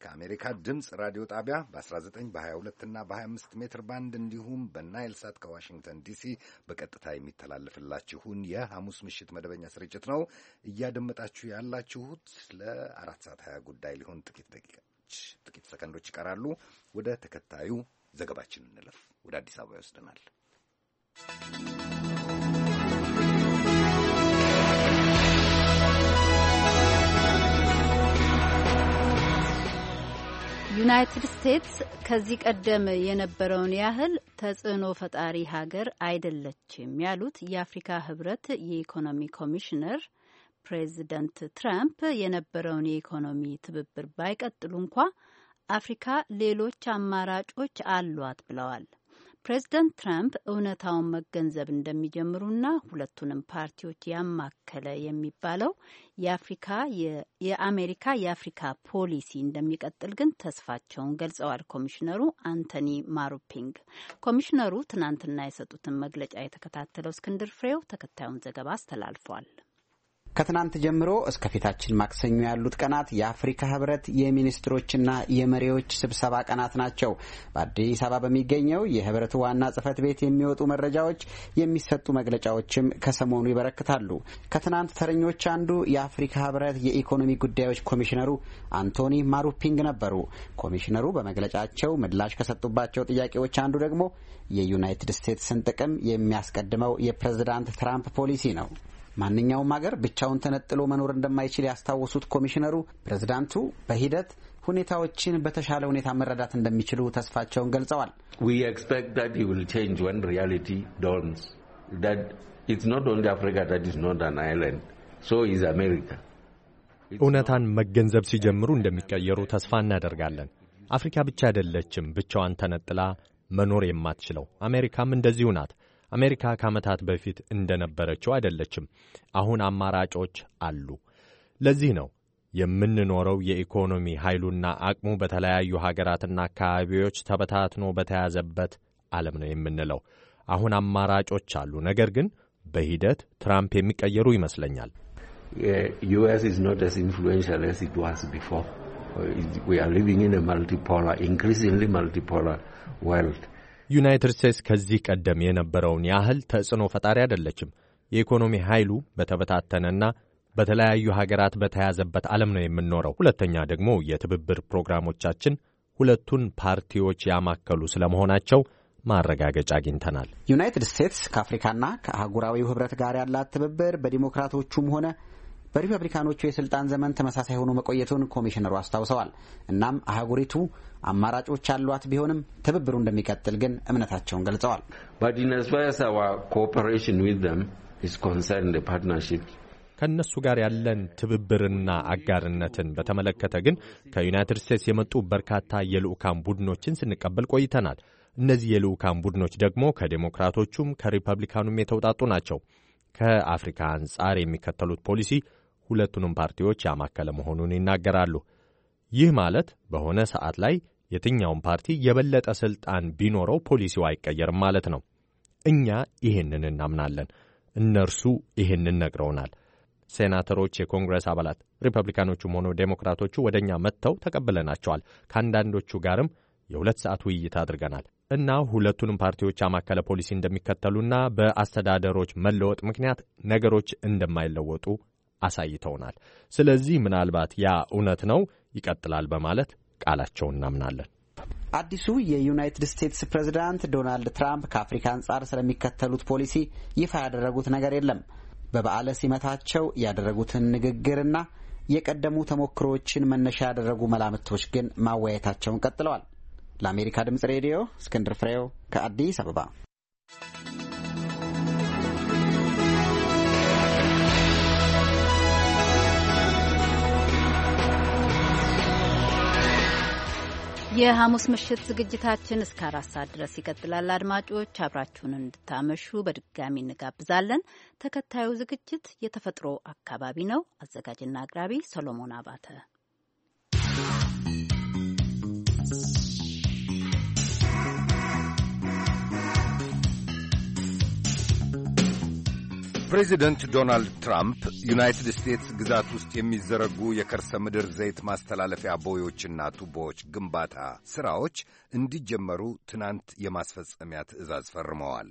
ከአሜሪካ ድምፅ ራዲዮ ጣቢያ በ19 በ22 እና በ25 ሜትር ባንድ እንዲሁም በናይል ሳት ከዋሽንግተን ዲሲ በቀጥታ የሚተላለፍላችሁን የሐሙስ ምሽት መደበኛ ስርጭት ነው እያደመጣችሁ ያላችሁት። ለአራት ሰዓት 20 ጉዳይ ሊሆን ጥቂት ደቂቃዎች ጥቂት ሰከንዶች ይቀራሉ። ወደ ተከታዩ ዘገባችን እንለፍ። ወደ አዲስ አበባ ይወስደናል። ዩናይትድ ስቴትስ ከዚህ ቀደም የነበረውን ያህል ተጽዕኖ ፈጣሪ ሀገር አይደለችም ያሉት የአፍሪካ ህብረት የኢኮኖሚ ኮሚሽነር ፕሬዚደንት ትራምፕ የነበረውን የኢኮኖሚ ትብብር ባይቀጥሉ እንኳ አፍሪካ ሌሎች አማራጮች አሏት ብለዋል። ፕሬዝደንት ትራምፕ እውነታውን መገንዘብ እንደሚጀምሩና ሁለቱንም ፓርቲዎች ያማከለ የሚባለው የአፍሪካ የአሜሪካ የአፍሪካ ፖሊሲ እንደሚቀጥል ግን ተስፋቸውን ገልጸዋል። ኮሚሽነሩ አንቶኒ ማሩፒንግ ኮሚሽነሩ ትናንትና የሰጡትን መግለጫ የተከታተለው እስክንድር ፍሬው ተከታዩን ዘገባ አስተላልፏል። ከትናንት ጀምሮ እስከ ፊታችን ማክሰኞ ያሉት ቀናት የአፍሪካ ህብረት የሚኒስትሮችና የመሪዎች ስብሰባ ቀናት ናቸው። በአዲስ አበባ በሚገኘው የህብረቱ ዋና ጽህፈት ቤት የሚወጡ መረጃዎች፣ የሚሰጡ መግለጫዎችም ከሰሞኑ ይበረክታሉ። ከትናንት ተረኞች አንዱ የአፍሪካ ህብረት የኢኮኖሚ ጉዳዮች ኮሚሽነሩ አንቶኒ ማሩፒንግ ነበሩ። ኮሚሽነሩ በመግለጫቸው ምላሽ ከሰጡባቸው ጥያቄዎች አንዱ ደግሞ የዩናይትድ ስቴትስን ጥቅም የሚያስቀድመው የፕሬዝዳንት ትራምፕ ፖሊሲ ነው። ማንኛውም ሀገር ብቻውን ተነጥሎ መኖር እንደማይችል ያስታወሱት ኮሚሽነሩ ፕሬዚዳንቱ በሂደት ሁኔታዎችን በተሻለ ሁኔታ መረዳት እንደሚችሉ ተስፋቸውን ገልጸዋል። እውነታን መገንዘብ ሲጀምሩ እንደሚቀየሩ ተስፋ እናደርጋለን። አፍሪካ ብቻ አይደለችም ብቻዋን ተነጥላ መኖር የማትችለው፣ አሜሪካም እንደዚሁ ናት። አሜሪካ ከዓመታት በፊት እንደነበረችው አይደለችም። አሁን አማራጮች አሉ። ለዚህ ነው የምንኖረው የኢኮኖሚ ኃይሉና አቅሙ በተለያዩ ሀገራትና አካባቢዎች ተበታትኖ በተያዘበት ዓለም ነው የምንለው። አሁን አማራጮች አሉ። ነገር ግን በሂደት ትራምፕ የሚቀየሩ ይመስለኛል። ዩኤስ ኢዝ ኖት አስ ቢፎር ዊ ሊቪንግ ኢን ወርልድ ዩናይትድ ስቴትስ ከዚህ ቀደም የነበረውን ያህል ተጽዕኖ ፈጣሪ አይደለችም። የኢኮኖሚ ኃይሉ በተበታተነና በተለያዩ ሀገራት በተያዘበት ዓለም ነው የምንኖረው። ሁለተኛ ደግሞ የትብብር ፕሮግራሞቻችን ሁለቱን ፓርቲዎች ያማከሉ ስለመሆናቸው ማረጋገጫ አግኝተናል። ዩናይትድ ስቴትስ ከአፍሪካና ከአህጉራዊው ህብረት ጋር ያላት ትብብር በዲሞክራቶቹም ሆነ በሪፐብሊካኖቹ የስልጣን ዘመን ተመሳሳይ ሆኖ መቆየቱን ኮሚሽነሩ አስታውሰዋል። እናም አህጉሪቱ አማራጮች አሏት ቢሆንም ትብብሩ እንደሚቀጥል ግን እምነታቸውን ገልጸዋል። ከእነሱ ጋር ያለን ትብብርና አጋርነትን በተመለከተ ግን ከዩናይትድ ስቴትስ የመጡ በርካታ የልዑካን ቡድኖችን ስንቀበል ቆይተናል። እነዚህ የልዑካን ቡድኖች ደግሞ ከዴሞክራቶቹም ከሪፐብሊካኑም የተውጣጡ ናቸው። ከአፍሪካ አንጻር የሚከተሉት ፖሊሲ ሁለቱንም ፓርቲዎች ያማከለ መሆኑን ይናገራሉ። ይህ ማለት በሆነ ሰዓት ላይ የትኛውም ፓርቲ የበለጠ ስልጣን ቢኖረው ፖሊሲው አይቀየርም ማለት ነው። እኛ ይህንን እናምናለን። እነርሱ ይህንን ነግረውናል። ሴናተሮች፣ የኮንግረስ አባላት ሪፐብሊካኖቹም ሆነ ዴሞክራቶቹ ወደ እኛ መጥተው ተቀብለናቸዋል። ከአንዳንዶቹ ጋርም የሁለት ሰዓት ውይይት አድርገናል እና ሁለቱንም ፓርቲዎች ያማከለ ፖሊሲ እንደሚከተሉና በአስተዳደሮች መለወጥ ምክንያት ነገሮች እንደማይለወጡ አሳይተውናል። ስለዚህ ምናልባት ያ እውነት ነው ይቀጥላል በማለት ቃላቸውን እናምናለን። አዲሱ የዩናይትድ ስቴትስ ፕሬዝዳንት ዶናልድ ትራምፕ ከአፍሪካ አንጻር ስለሚከተሉት ፖሊሲ ይፋ ያደረጉት ነገር የለም። በበዓለ ሲመታቸው ያደረጉትን ንግግርና የቀደሙ ተሞክሮዎችን መነሻ ያደረጉ መላምቶች ግን ማወያየታቸውን ቀጥለዋል። ለአሜሪካ ድምጽ ሬዲዮ እስክንድር ፍሬው ከአዲስ አበባ የሐሙስ ምሽት ዝግጅታችን እስከ አራት ሰዓት ድረስ ይቀጥላል። አድማጮች አብራችሁን እንድታመሹ በድጋሚ እንጋብዛለን። ተከታዩ ዝግጅት የተፈጥሮ አካባቢ ነው። አዘጋጅና አቅራቢ ሰሎሞን አባተ የፕሬዚደንት ዶናልድ ትራምፕ ዩናይትድ ስቴትስ ግዛት ውስጥ የሚዘረጉ የከርሰ ምድር ዘይት ማስተላለፊያ ቦዮችና ቱቦዎች ግንባታ ሥራዎች እንዲጀመሩ ትናንት የማስፈጸሚያ ትዕዛዝ ፈርመዋል።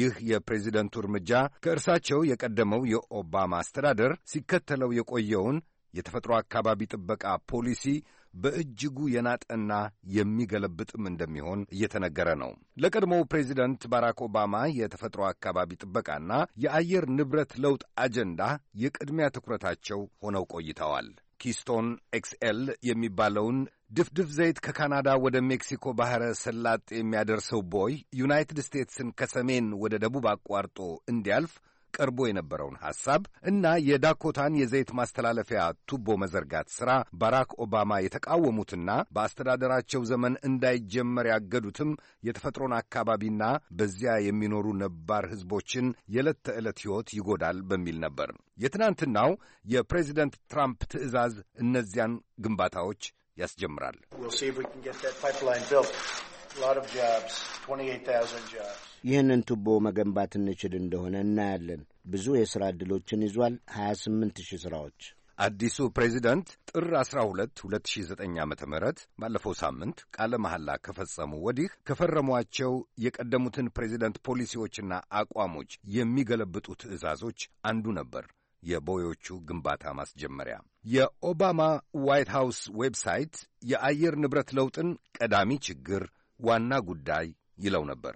ይህ የፕሬዚደንቱ እርምጃ ከእርሳቸው የቀደመው የኦባማ አስተዳደር ሲከተለው የቆየውን የተፈጥሮ አካባቢ ጥበቃ ፖሊሲ በእጅጉ የናጠና የሚገለብጥም እንደሚሆን እየተነገረ ነው። ለቀድሞው ፕሬዚደንት ባራክ ኦባማ የተፈጥሮ አካባቢ ጥበቃና የአየር ንብረት ለውጥ አጀንዳ የቅድሚያ ትኩረታቸው ሆነው ቆይተዋል። ኪስቶን ኤክስኤል የሚባለውን ድፍድፍ ዘይት ከካናዳ ወደ ሜክሲኮ ባሕረ ሰላጤ የሚያደርሰው ቦይ ዩናይትድ ስቴትስን ከሰሜን ወደ ደቡብ አቋርጦ እንዲያልፍ ቀርቦ የነበረውን ሐሳብ እና የዳኮታን የዘይት ማስተላለፊያ ቱቦ መዘርጋት ሥራ ባራክ ኦባማ የተቃወሙትና በአስተዳደራቸው ዘመን እንዳይጀመር ያገዱትም የተፈጥሮን አካባቢና በዚያ የሚኖሩ ነባር ሕዝቦችን የዕለት ተዕለት ሕይወት ይጎዳል በሚል ነበር። የትናንትናው የፕሬዚደንት ትራምፕ ትዕዛዝ እነዚያን ግንባታዎች ያስጀምራል። ይህንን ቱቦ መገንባት እንችል እንደሆነ እናያለን። ብዙ የሥራ ዕድሎችን ይዟል። 28 ሺህ ሥራዎች አዲሱ ፕሬዚደንት ጥር 12 2009 ዓ ም ባለፈው ሳምንት ቃለ መሐላ ከፈጸሙ ወዲህ ከፈረሟቸው የቀደሙትን ፕሬዚደንት ፖሊሲዎችና አቋሞች የሚገለብጡ ትዕዛዞች አንዱ ነበር የቦዮቹ ግንባታ ማስጀመሪያ። የኦባማ ዋይት ሃውስ ዌብሳይት የአየር ንብረት ለውጥን ቀዳሚ ችግር ዋና ጉዳይ ይለው ነበር።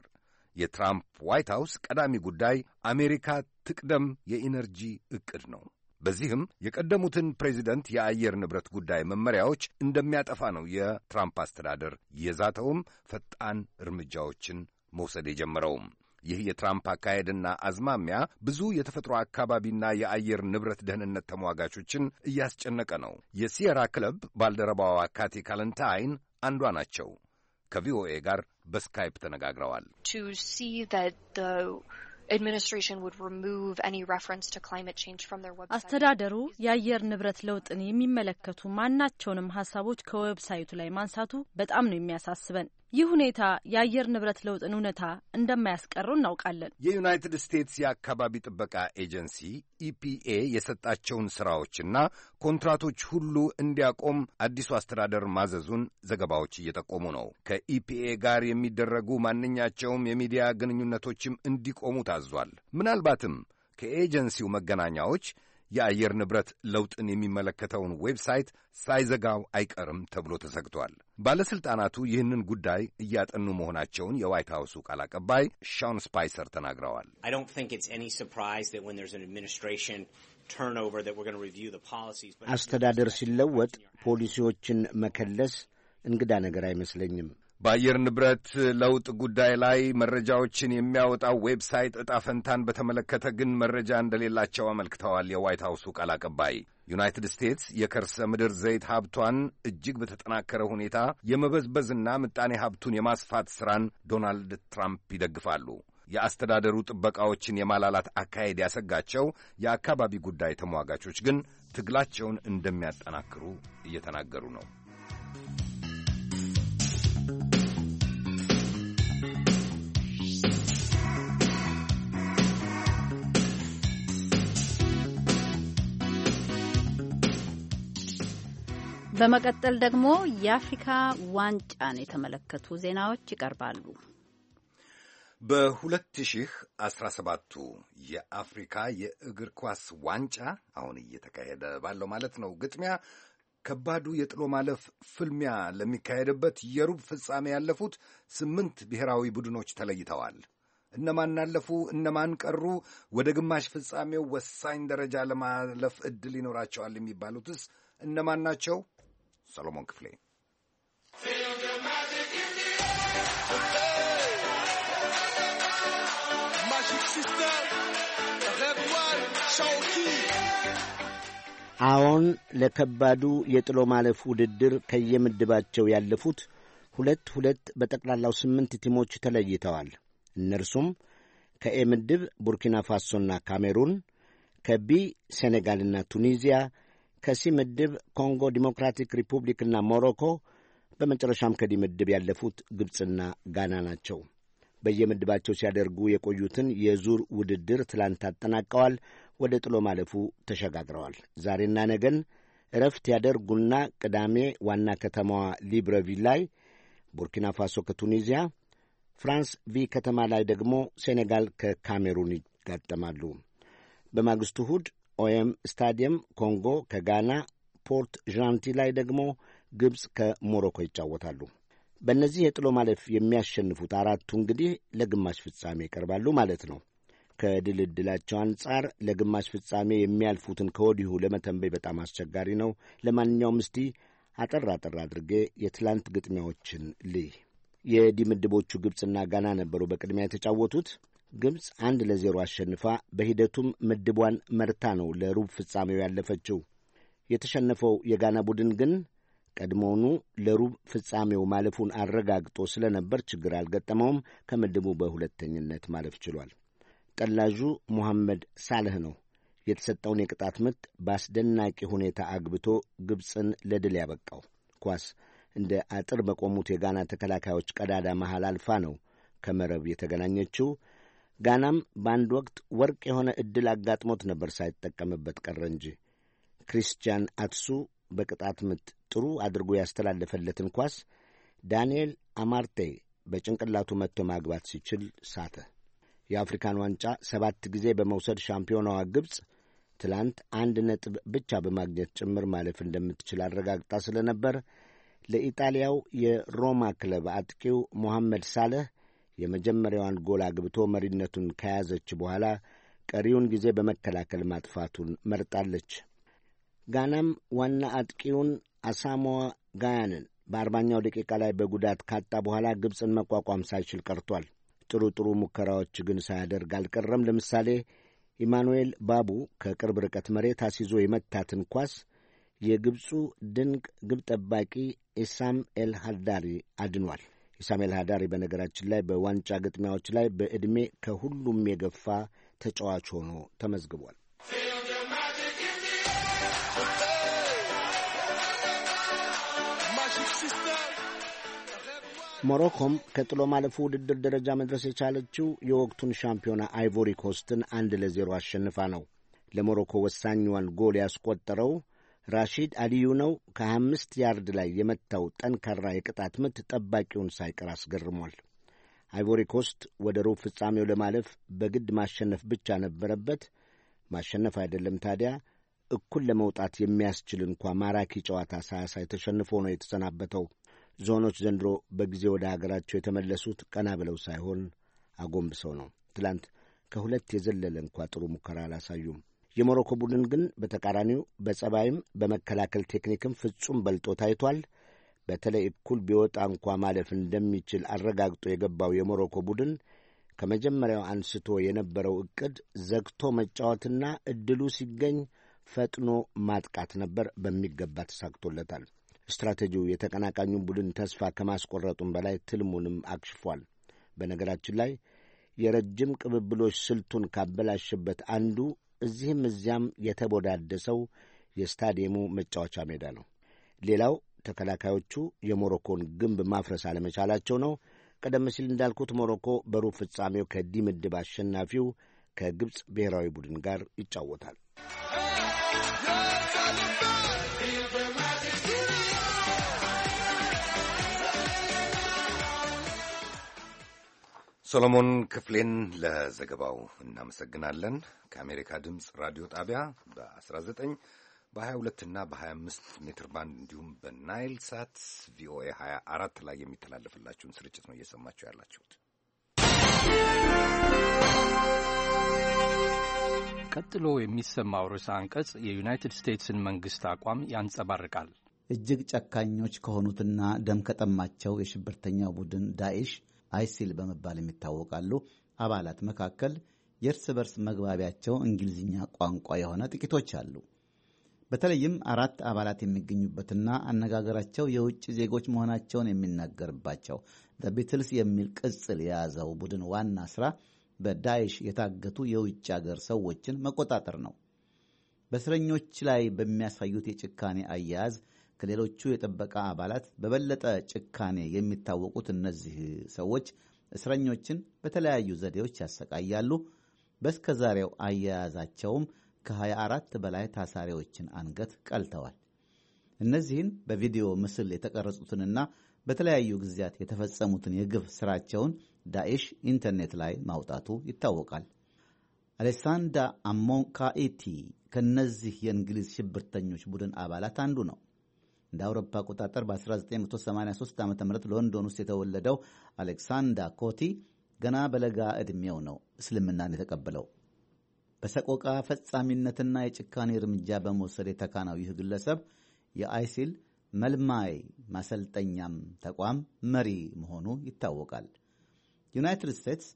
የትራምፕ ዋይት ሃውስ ቀዳሚ ጉዳይ አሜሪካ ትቅደም የኢነርጂ ዕቅድ ነው። በዚህም የቀደሙትን ፕሬዚደንት የአየር ንብረት ጉዳይ መመሪያዎች እንደሚያጠፋ ነው የትራምፕ አስተዳደር የዛተውም ፈጣን እርምጃዎችን መውሰድ የጀመረውም። ይህ የትራምፕ አካሄድና አዝማሚያ ብዙ የተፈጥሮ አካባቢና የአየር ንብረት ደህንነት ተሟጋቾችን እያስጨነቀ ነው። የሲየራ ክለብ ባልደረባዋ ካቲ ካለንታይን አንዷ ናቸው። ከቪኦኤ ጋር በስካይፕ ተነጋግረዋል። አስተዳደሩ የአየር ንብረት ለውጥን የሚመለከቱ ማናቸውንም ሀሳቦች ከዌብሳይቱ ላይ ማንሳቱ በጣም ነው የሚያሳስበን። ይህ ሁኔታ የአየር ንብረት ለውጥን እውነታ እንደማያስቀሩ እናውቃለን። የዩናይትድ ስቴትስ የአካባቢ ጥበቃ ኤጀንሲ ኢፒኤ የሰጣቸውን ስራዎችና ኮንትራቶች ሁሉ እንዲያቆም አዲሱ አስተዳደር ማዘዙን ዘገባዎች እየጠቆሙ ነው። ከኢፒኤ ጋር የሚደረጉ ማንኛቸውም የሚዲያ ግንኙነቶችም እንዲቆሙ ታዟል። ምናልባትም ከኤጀንሲው መገናኛዎች የአየር ንብረት ለውጥን የሚመለከተውን ዌብሳይት ሳይዘጋው አይቀርም ተብሎ ተሰግቷል። ባለሥልጣናቱ ይህንን ጉዳይ እያጠኑ መሆናቸውን የዋይት ሃውሱ ቃል አቀባይ ሻውን ስፓይሰር ተናግረዋል። አስተዳደር ሲለወጥ ፖሊሲዎችን መከለስ እንግዳ ነገር አይመስለኝም። በአየር ንብረት ለውጥ ጉዳይ ላይ መረጃዎችን የሚያወጣው ዌብሳይት እጣ ፈንታን በተመለከተ ግን መረጃ እንደሌላቸው አመልክተዋል። የዋይት ሀውሱ ቃል አቀባይ ዩናይትድ ስቴትስ የከርሰ ምድር ዘይት ሀብቷን እጅግ በተጠናከረ ሁኔታ የመበዝበዝና ምጣኔ ሀብቱን የማስፋት ሥራን ዶናልድ ትራምፕ ይደግፋሉ። የአስተዳደሩ ጥበቃዎችን የማላላት አካሄድ ያሰጋቸው የአካባቢ ጉዳይ ተሟጋቾች ግን ትግላቸውን እንደሚያጠናክሩ እየተናገሩ ነው። በመቀጠል ደግሞ የአፍሪካ ዋንጫን የተመለከቱ ዜናዎች ይቀርባሉ። 2017 የአፍሪካ የእግር ኳስ ዋንጫ አሁን እየተካሄደ ባለው ማለት ነው ግጥሚያ ከባዱ የጥሎ ማለፍ ፍልሚያ ለሚካሄድበት የሩብ ፍጻሜ ያለፉት ስምንት ብሔራዊ ቡድኖች ተለይተዋል። እነማን አለፉ? እነማን ቀሩ? ወደ ግማሽ ፍጻሜው ወሳኝ ደረጃ ለማለፍ ዕድል ይኖራቸዋል የሚባሉትስ እነማን ናቸው? ሰሎሞን ክፍሌ አዎን ለከባዱ የጥሎ ማለፍ ውድድር ከየምድባቸው ያለፉት ሁለት ሁለት በጠቅላላው ስምንት ቲሞች ተለይተዋል። እነርሱም ከኤ ምድብ ቡርኪና ፋሶና ካሜሩን፣ ከቢ ሴኔጋልና ቱኒዚያ፣ ከሲ ምድብ ኮንጎ ዲሞክራቲክ ሪፑብሊክና ሞሮኮ፣ በመጨረሻም ከዲ ምድብ ያለፉት ግብፅና ጋና ናቸው። በየምድባቸው ሲያደርጉ የቆዩትን የዙር ውድድር ትላንት አጠናቀዋል። ወደ ጥሎ ማለፉ ተሸጋግረዋል። ዛሬና ነገን እረፍት ያደርጉና ቅዳሜ ዋና ከተማዋ ሊብረቪል ላይ ቡርኪና ፋሶ ከቱኒዚያ፣ ፍራንስ ቪ ከተማ ላይ ደግሞ ሴኔጋል ከካሜሩን ይጋጠማሉ። በማግስቱ እሁድ ኦኤም ስታዲየም ኮንጎ ከጋና፣ ፖርት ዣንቲ ላይ ደግሞ ግብፅ ከሞሮኮ ይጫወታሉ። በእነዚህ የጥሎ ማለፍ የሚያሸንፉት አራቱ እንግዲህ ለግማሽ ፍጻሜ ይቀርባሉ ማለት ነው። ከድል ዕድላቸው አንጻር ለግማሽ ፍጻሜ የሚያልፉትን ከወዲሁ ለመተንበይ በጣም አስቸጋሪ ነው። ለማንኛውም እስቲ አጠር አጠር አድርጌ የትላንት ግጥሚያዎችን ልይ። የዲምድቦቹ ግብፅና ጋና ነበሩ በቅድሚያ የተጫወቱት። ግብፅ አንድ ለዜሮ አሸንፋ በሂደቱም ምድቧን መርታ ነው ለሩብ ፍጻሜው ያለፈችው። የተሸነፈው የጋና ቡድን ግን ቀድሞውኑ ለሩብ ፍጻሜው ማለፉን አረጋግጦ ስለነበር ችግር አልገጠመውም። ከምድቡ በሁለተኝነት ማለፍ ችሏል። ጠላዡ ሙሐመድ ሳልህ ነው የተሰጠውን የቅጣት ምት በአስደናቂ ሁኔታ አግብቶ ግብፅን ለድል ያበቃው። ኳስ እንደ አጥር በቆሙት የጋና ተከላካዮች ቀዳዳ መሃል አልፋ ነው ከመረብ የተገናኘችው። ጋናም በአንድ ወቅት ወርቅ የሆነ ዕድል አጋጥሞት ነበር ሳይጠቀምበት ቀረ እንጂ ክሪስቲያን አትሱ በቅጣት ምት ጥሩ አድርጎ ያስተላለፈለትን ኳስ ዳንኤል አማርቴ በጭንቅላቱ መጥቶ ማግባት ሲችል ሳተ። የአፍሪካን ዋንጫ ሰባት ጊዜ በመውሰድ ሻምፒዮናዋ ግብፅ ትላንት አንድ ነጥብ ብቻ በማግኘት ጭምር ማለፍ እንደምትችል አረጋግጣ ስለነበር ለኢጣሊያው የሮማ ክለብ አጥቂው ሞሐመድ ሳለህ የመጀመሪያዋን ጎል አግብቶ መሪነቱን ከያዘች በኋላ ቀሪውን ጊዜ በመከላከል ማጥፋቱን መርጣለች። ጋናም ዋና አጥቂውን አሳሞዋ ጋያንን በአርባኛው ደቂቃ ላይ በጉዳት ካጣ በኋላ ግብፅን መቋቋም ሳይችል ቀርቷል። ጥሩ ጥሩ ሙከራዎች ግን ሳያደርግ አልቀረም። ለምሳሌ ኢማኑኤል ባቡ ከቅርብ ርቀት መሬት አስይዞ የመታትን ኳስ የግብፁ ድንቅ ግብ ጠባቂ ኢሳም ኤል ሃዳሪ አድኗል። ኢሳሜል ሃዳሪ በነገራችን ላይ በዋንጫ ግጥሚያዎች ላይ በዕድሜ ከሁሉም የገፋ ተጫዋች ሆኖ ተመዝግቧል። ሞሮኮም ከጥሎ ማለፉ ውድድር ደረጃ መድረስ የቻለችው የወቅቱን ሻምፒዮና አይቮሪ ኮስትን አንድ ለዜሮ አሸንፋ ነው። ለሞሮኮ ወሳኛዋን ጎል ያስቆጠረው ራሺድ አልዩ ነው ከአምስት ያርድ ላይ የመታው ጠንካራ የቅጣት ምት ጠባቂውን ሳይቀር አስገርሟል። አይቮሪ ኮስት ወደ ሩብ ፍጻሜው ለማለፍ በግድ ማሸነፍ ብቻ ነበረበት። ማሸነፍ አይደለም ታዲያ እኩል ለመውጣት የሚያስችል እንኳ ማራኪ ጨዋታ ሳያሳይ ተሸንፎ ነው የተሰናበተው። ዞኖች ዘንድሮ በጊዜ ወደ ሀገራቸው የተመለሱት ቀና ብለው ሳይሆን አጎንብሰው ነው። ትላንት ከሁለት የዘለለ እንኳ ጥሩ ሙከራ አላሳዩም። የሞሮኮ ቡድን ግን በተቃራኒው በጸባይም በመከላከል ቴክኒክም ፍጹም በልጦ ታይቷል። በተለይ እኩል ቢወጣ እንኳ ማለፍ እንደሚችል አረጋግጦ የገባው የሞሮኮ ቡድን ከመጀመሪያው አንስቶ የነበረው ዕቅድ ዘግቶ መጫወትና ዕድሉ ሲገኝ ፈጥኖ ማጥቃት ነበር። በሚገባ ተሳክቶለታል። ስትራቴጂው የተቀናቃኙን ቡድን ተስፋ ከማስቆረጡም በላይ ትልሙንም አክሽፏል። በነገራችን ላይ የረጅም ቅብብሎች ስልቱን ካበላሽበት አንዱ እዚህም እዚያም የተቦዳደሰው የስታዲየሙ መጫወቻ ሜዳ ነው። ሌላው ተከላካዮቹ የሞሮኮን ግንብ ማፍረስ አለመቻላቸው ነው። ቀደም ሲል እንዳልኩት ሞሮኮ በሩብ ፍጻሜው ከዲ ምድብ አሸናፊው ከግብፅ ብሔራዊ ቡድን ጋር ይጫወታል። ሰሎሞን ክፍሌን ለዘገባው እናመሰግናለን። ከአሜሪካ ድምፅ ራዲዮ ጣቢያ በ19 በ22 እና በ25 ሜትር ባንድ እንዲሁም በናይል ሳት ቪኦኤ 24 ላይ የሚተላለፍላችሁን ስርጭት ነው እየሰማችሁ ያላችሁት። ቀጥሎ የሚሰማው ርዕሰ አንቀጽ የዩናይትድ ስቴትስን መንግሥት አቋም ያንጸባርቃል። እጅግ ጨካኞች ከሆኑትና ደም ከጠማቸው የሽብርተኛው ቡድን ዳኢሽ አይሲል በመባል የሚታወቃሉ አባላት መካከል የእርስ በርስ መግባቢያቸው እንግሊዝኛ ቋንቋ የሆነ ጥቂቶች አሉ። በተለይም አራት አባላት የሚገኙበትና አነጋገራቸው የውጭ ዜጎች መሆናቸውን የሚናገርባቸው ዘ ቢትልስ የሚል ቅጽል የያዘው ቡድን ዋና ስራ በዳይሽ የታገቱ የውጭ አገር ሰዎችን መቆጣጠር ነው። በእስረኞች ላይ በሚያሳዩት የጭካኔ አያያዝ ከሌሎቹ የጥበቃ አባላት በበለጠ ጭካኔ የሚታወቁት እነዚህ ሰዎች እስረኞችን በተለያዩ ዘዴዎች ያሰቃያሉ። በስከ ዛሬው አያያዛቸውም ከ24 በላይ ታሳሪዎችን አንገት ቀልተዋል። እነዚህን በቪዲዮ ምስል የተቀረጹትንና በተለያዩ ጊዜያት የተፈጸሙትን የግፍ ስራቸውን ዳኤሽ ኢንተርኔት ላይ ማውጣቱ ይታወቃል። አሌሳንዳ አሞንካኢቲ ከእነዚህ የእንግሊዝ ሽብርተኞች ቡድን አባላት አንዱ ነው። እንደ አውሮፓ አቆጣጠር በ1983 ዓ ም ሎንዶን ውስጥ የተወለደው አሌክሳንዳ ኮቲ ገና በለጋ ዕድሜው ነው እስልምናን የተቀበለው። በሰቆቃ ፈጻሚነትና የጭካኔ እርምጃ በመውሰድ የተካናው ይህ ግለሰብ የአይሲል መልማይ ማሰልጠኛም ተቋም መሪ መሆኑ ይታወቃል። ዩናይትድ ስቴትስ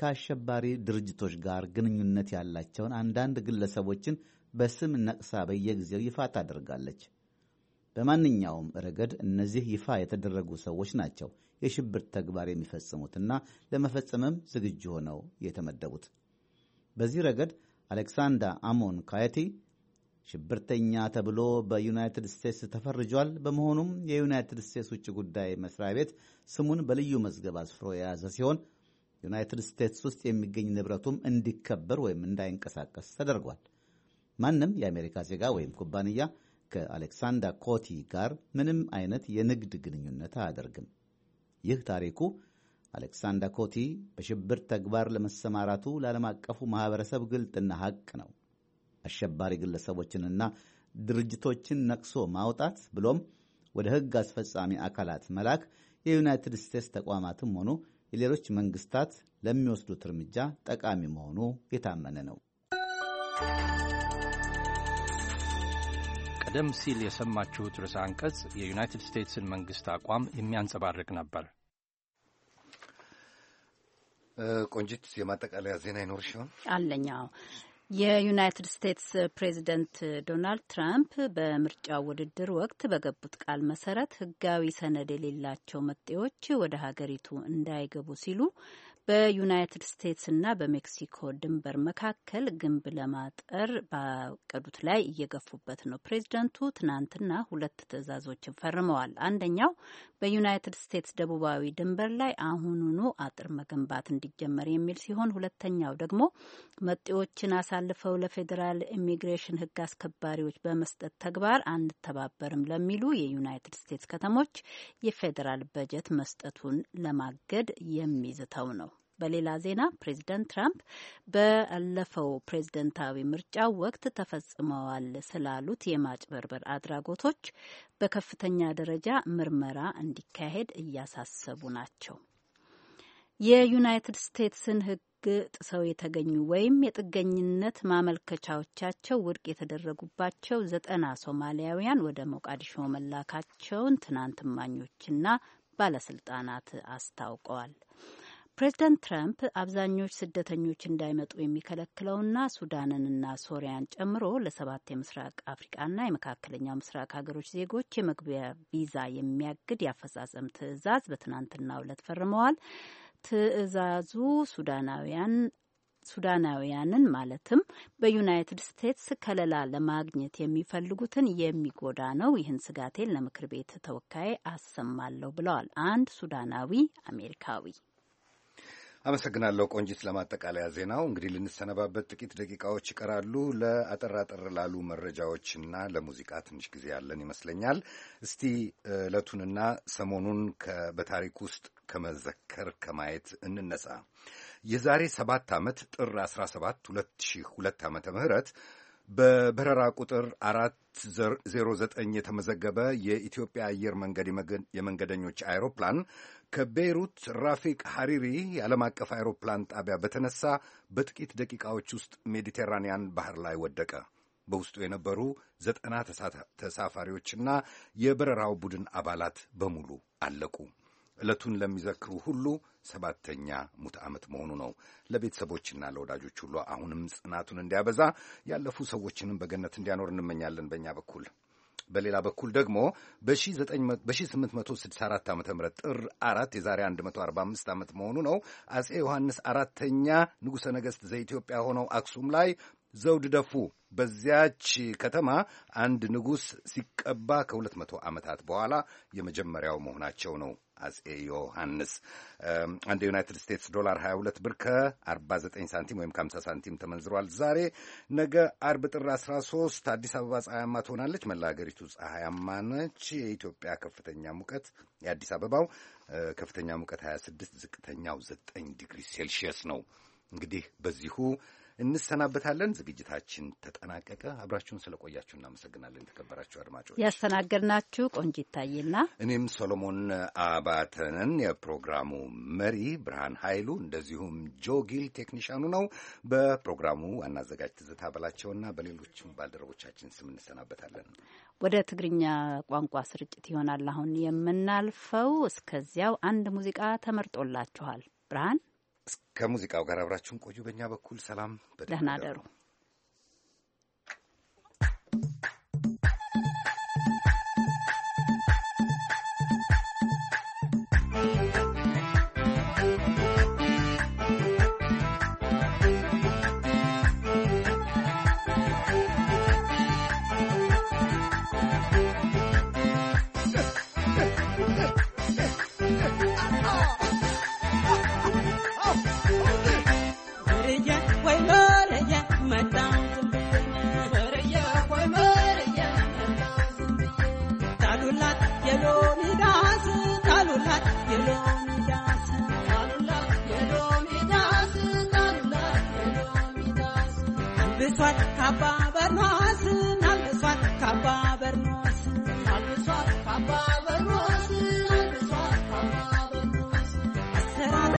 ከአሸባሪ ድርጅቶች ጋር ግንኙነት ያላቸውን አንዳንድ ግለሰቦችን በስም ነቅሳ በየጊዜው ይፋ ታደርጋለች። በማንኛውም ረገድ እነዚህ ይፋ የተደረጉ ሰዎች ናቸው የሽብር ተግባር የሚፈጽሙትና ለመፈጸምም ዝግጁ ሆነው የተመደቡት። በዚህ ረገድ አሌክሳንዳ አሞን ካየቲ ሽብርተኛ ተብሎ በዩናይትድ ስቴትስ ተፈርጇል። በመሆኑም የዩናይትድ ስቴትስ ውጭ ጉዳይ መስሪያ ቤት ስሙን በልዩ መዝገብ አስፍሮ የያዘ ሲሆን ዩናይትድ ስቴትስ ውስጥ የሚገኝ ንብረቱም እንዲከበር ወይም እንዳይንቀሳቀስ ተደርጓል። ማንም የአሜሪካ ዜጋ ወይም ኩባንያ ከአሌክሳንዳ ኮቲ ጋር ምንም አይነት የንግድ ግንኙነት አያደርግም። ይህ ታሪኩ አሌክሳንዳ ኮቲ በሽብር ተግባር ለመሰማራቱ ለዓለም አቀፉ ማኅበረሰብ ግልጥና ሐቅ ነው። አሸባሪ ግለሰቦችንና ድርጅቶችን ነቅሶ ማውጣት ብሎም ወደ ሕግ አስፈጻሚ አካላት መላክ የዩናይትድ ስቴትስ ተቋማትም ሆኑ የሌሎች መንግስታት ለሚወስዱት እርምጃ ጠቃሚ መሆኑ የታመነ ነው። ቀደም ሲል የሰማችሁት ርዕሰ አንቀጽ የዩናይትድ ስቴትስን መንግስት አቋም የሚያንጸባርቅ ነበር። ቆንጂት፣ የማጠቃለያ ዜና ይኖር ሲሆን አለኛው የዩናይትድ ስቴትስ ፕሬዚደንት ዶናልድ ትራምፕ በምርጫው ውድድር ወቅት በገቡት ቃል መሰረት ህጋዊ ሰነድ የሌላቸው መጤዎች ወደ ሀገሪቱ እንዳይገቡ ሲሉ በዩናይትድ ስቴትስና በሜክሲኮ ድንበር መካከል ግንብ ለማጠር ባቀዱት ላይ እየገፉበት ነው። ፕሬዚደንቱ ትናንትና ሁለት ትዕዛዞችን ፈርመዋል። አንደኛው በዩናይትድ ስቴትስ ደቡባዊ ድንበር ላይ አሁኑኑ አጥር መገንባት እንዲጀመር የሚል ሲሆን፣ ሁለተኛው ደግሞ መጤዎችን አሳልፈው ለፌዴራል ኢሚግሬሽን ሕግ አስከባሪዎች በመስጠት ተግባር አንተባበርም ለሚሉ የዩናይትድ ስቴትስ ከተሞች የፌዴራል በጀት መስጠቱን ለማገድ የሚዝተው ነው። በሌላ ዜና ፕሬዚደንት ትራምፕ ባለፈው ፕሬዝደንታዊ ምርጫው ወቅት ተፈጽመዋል ስላሉት የማጭበርበር አድራጎቶች በከፍተኛ ደረጃ ምርመራ እንዲካሄድ እያሳሰቡ ናቸው። የዩናይትድ ስቴትስን ሕግ ጥሰው የተገኙ ወይም የጥገኝነት ማመልከቻዎቻቸው ውድቅ የተደረጉባቸው ዘጠና ሶማሊያውያን ወደ ሞቃዲሾ መላካቸውን ትናንት እማኞችና ባለስልጣናት አስታውቀዋል። ፕሬዝደንት ትራምፕ አብዛኞች ስደተኞች እንዳይመጡ የሚከለክለውና ሱዳንንና ሶሪያን ጨምሮ ለሰባት የምስራቅ አፍሪቃና የመካከለኛው ምስራቅ ሀገሮች ዜጎች የመግቢያ ቪዛ የሚያግድ የአፈጻጸም ትዕዛዝ በትናንትናው ውለት ፈርመዋል። ትዕዛዙ ሱዳናውያን ሱዳናውያንን ማለትም በዩናይትድ ስቴትስ ከለላ ለማግኘት የሚፈልጉትን የሚጎዳ ነው። ይህን ስጋቴን ለምክር ቤት ተወካይ አሰማለሁ ብለዋል አንድ ሱዳናዊ አሜሪካዊ አመሰግናለሁ ቆንጂት። ለማጠቃለያ ዜናው እንግዲህ ልንሰነባበት ጥቂት ደቂቃዎች ይቀራሉ። ለአጠር አጠር ላሉ መረጃዎችና ለሙዚቃ ትንሽ ጊዜ ያለን ይመስለኛል። እስቲ ዕለቱንና ሰሞኑን በታሪክ ውስጥ ከመዘከር ከማየት እንነሳ። የዛሬ ሰባት ዓመት ጥር 17 2002 ዓመተ ምህረት በበረራ ቁጥር 409 የተመዘገበ የኢትዮጵያ አየር መንገድ የመንገደኞች አይሮፕላን ከቤይሩት ራፊቅ ሐሪሪ የዓለም አቀፍ አውሮፕላን ጣቢያ በተነሳ በጥቂት ደቂቃዎች ውስጥ ሜዲቴራንያን ባህር ላይ ወደቀ። በውስጡ የነበሩ ዘጠና ተሳፋሪዎችና የበረራው ቡድን አባላት በሙሉ አለቁ። ዕለቱን ለሚዘክሩ ሁሉ ሰባተኛ ሙት ዓመት መሆኑ ነው። ለቤተሰቦችና ለወዳጆች ሁሉ አሁንም ጽናቱን እንዲያበዛ ያለፉ ሰዎችንም በገነት እንዲያኖር እንመኛለን። በእኛ በኩል በሌላ በኩል ደግሞ በ1864 ዓ ም ጥር አራት የዛሬ 145 ዓመት መሆኑ ነው አጼ ዮሐንስ አራተኛ ንጉሠ ነገሥት ዘኢትዮጵያ ሆነው አክሱም ላይ ዘውድ ደፉ። በዚያች ከተማ አንድ ንጉሥ ሲቀባ ከሁለት መቶ ዓመታት በኋላ የመጀመሪያው መሆናቸው ነው። አጼ ዮሐንስ አንድ የዩናይትድ ስቴትስ ዶላር 22 ብር ከ49 ሳንቲም ወይም ከ50 ሳንቲም ተመንዝሯል። ዛሬ ነገ አርብ ጥር 13 አዲስ አበባ ፀሐያማ ትሆናለች። መላ ሀገሪቱ ፀሐያማ ነች። የኢትዮጵያ ከፍተኛ ሙቀት የአዲስ አበባው ከፍተኛ ሙቀት 26፣ ዝቅተኛው 9 ዲግሪ ሴልሽየስ ነው። እንግዲህ በዚሁ እንሰናበታለን። ዝግጅታችን ተጠናቀቀ። አብራችሁን ስለቆያችሁ እናመሰግናለን። የተከበራችሁ አድማጮች ያስተናገድናችሁ ቆንጂት ታዬና እኔም ሶሎሞን አባተንን፣ የፕሮግራሙ መሪ ብርሃን ኃይሉ እንደዚሁም ጆጊል ቴክኒሻኑ ነው። በፕሮግራሙ ዋና አዘጋጅ ትዝታ በላቸውና በሌሎችም ባልደረቦቻችን ስም እንሰናበታለን። ወደ ትግርኛ ቋንቋ ስርጭት ይሆናል አሁን የምናልፈው። እስከዚያው አንድ ሙዚቃ ተመርጦላችኋል። ብርሃን እስከ ሙዚቃው ጋር አብራችሁን ቆዩ። በእኛ በኩል ሰላም፣ ደህና ደሩ። Thank you. አልብሷት ካባ በርማስን አልብሷት ካባ በርማ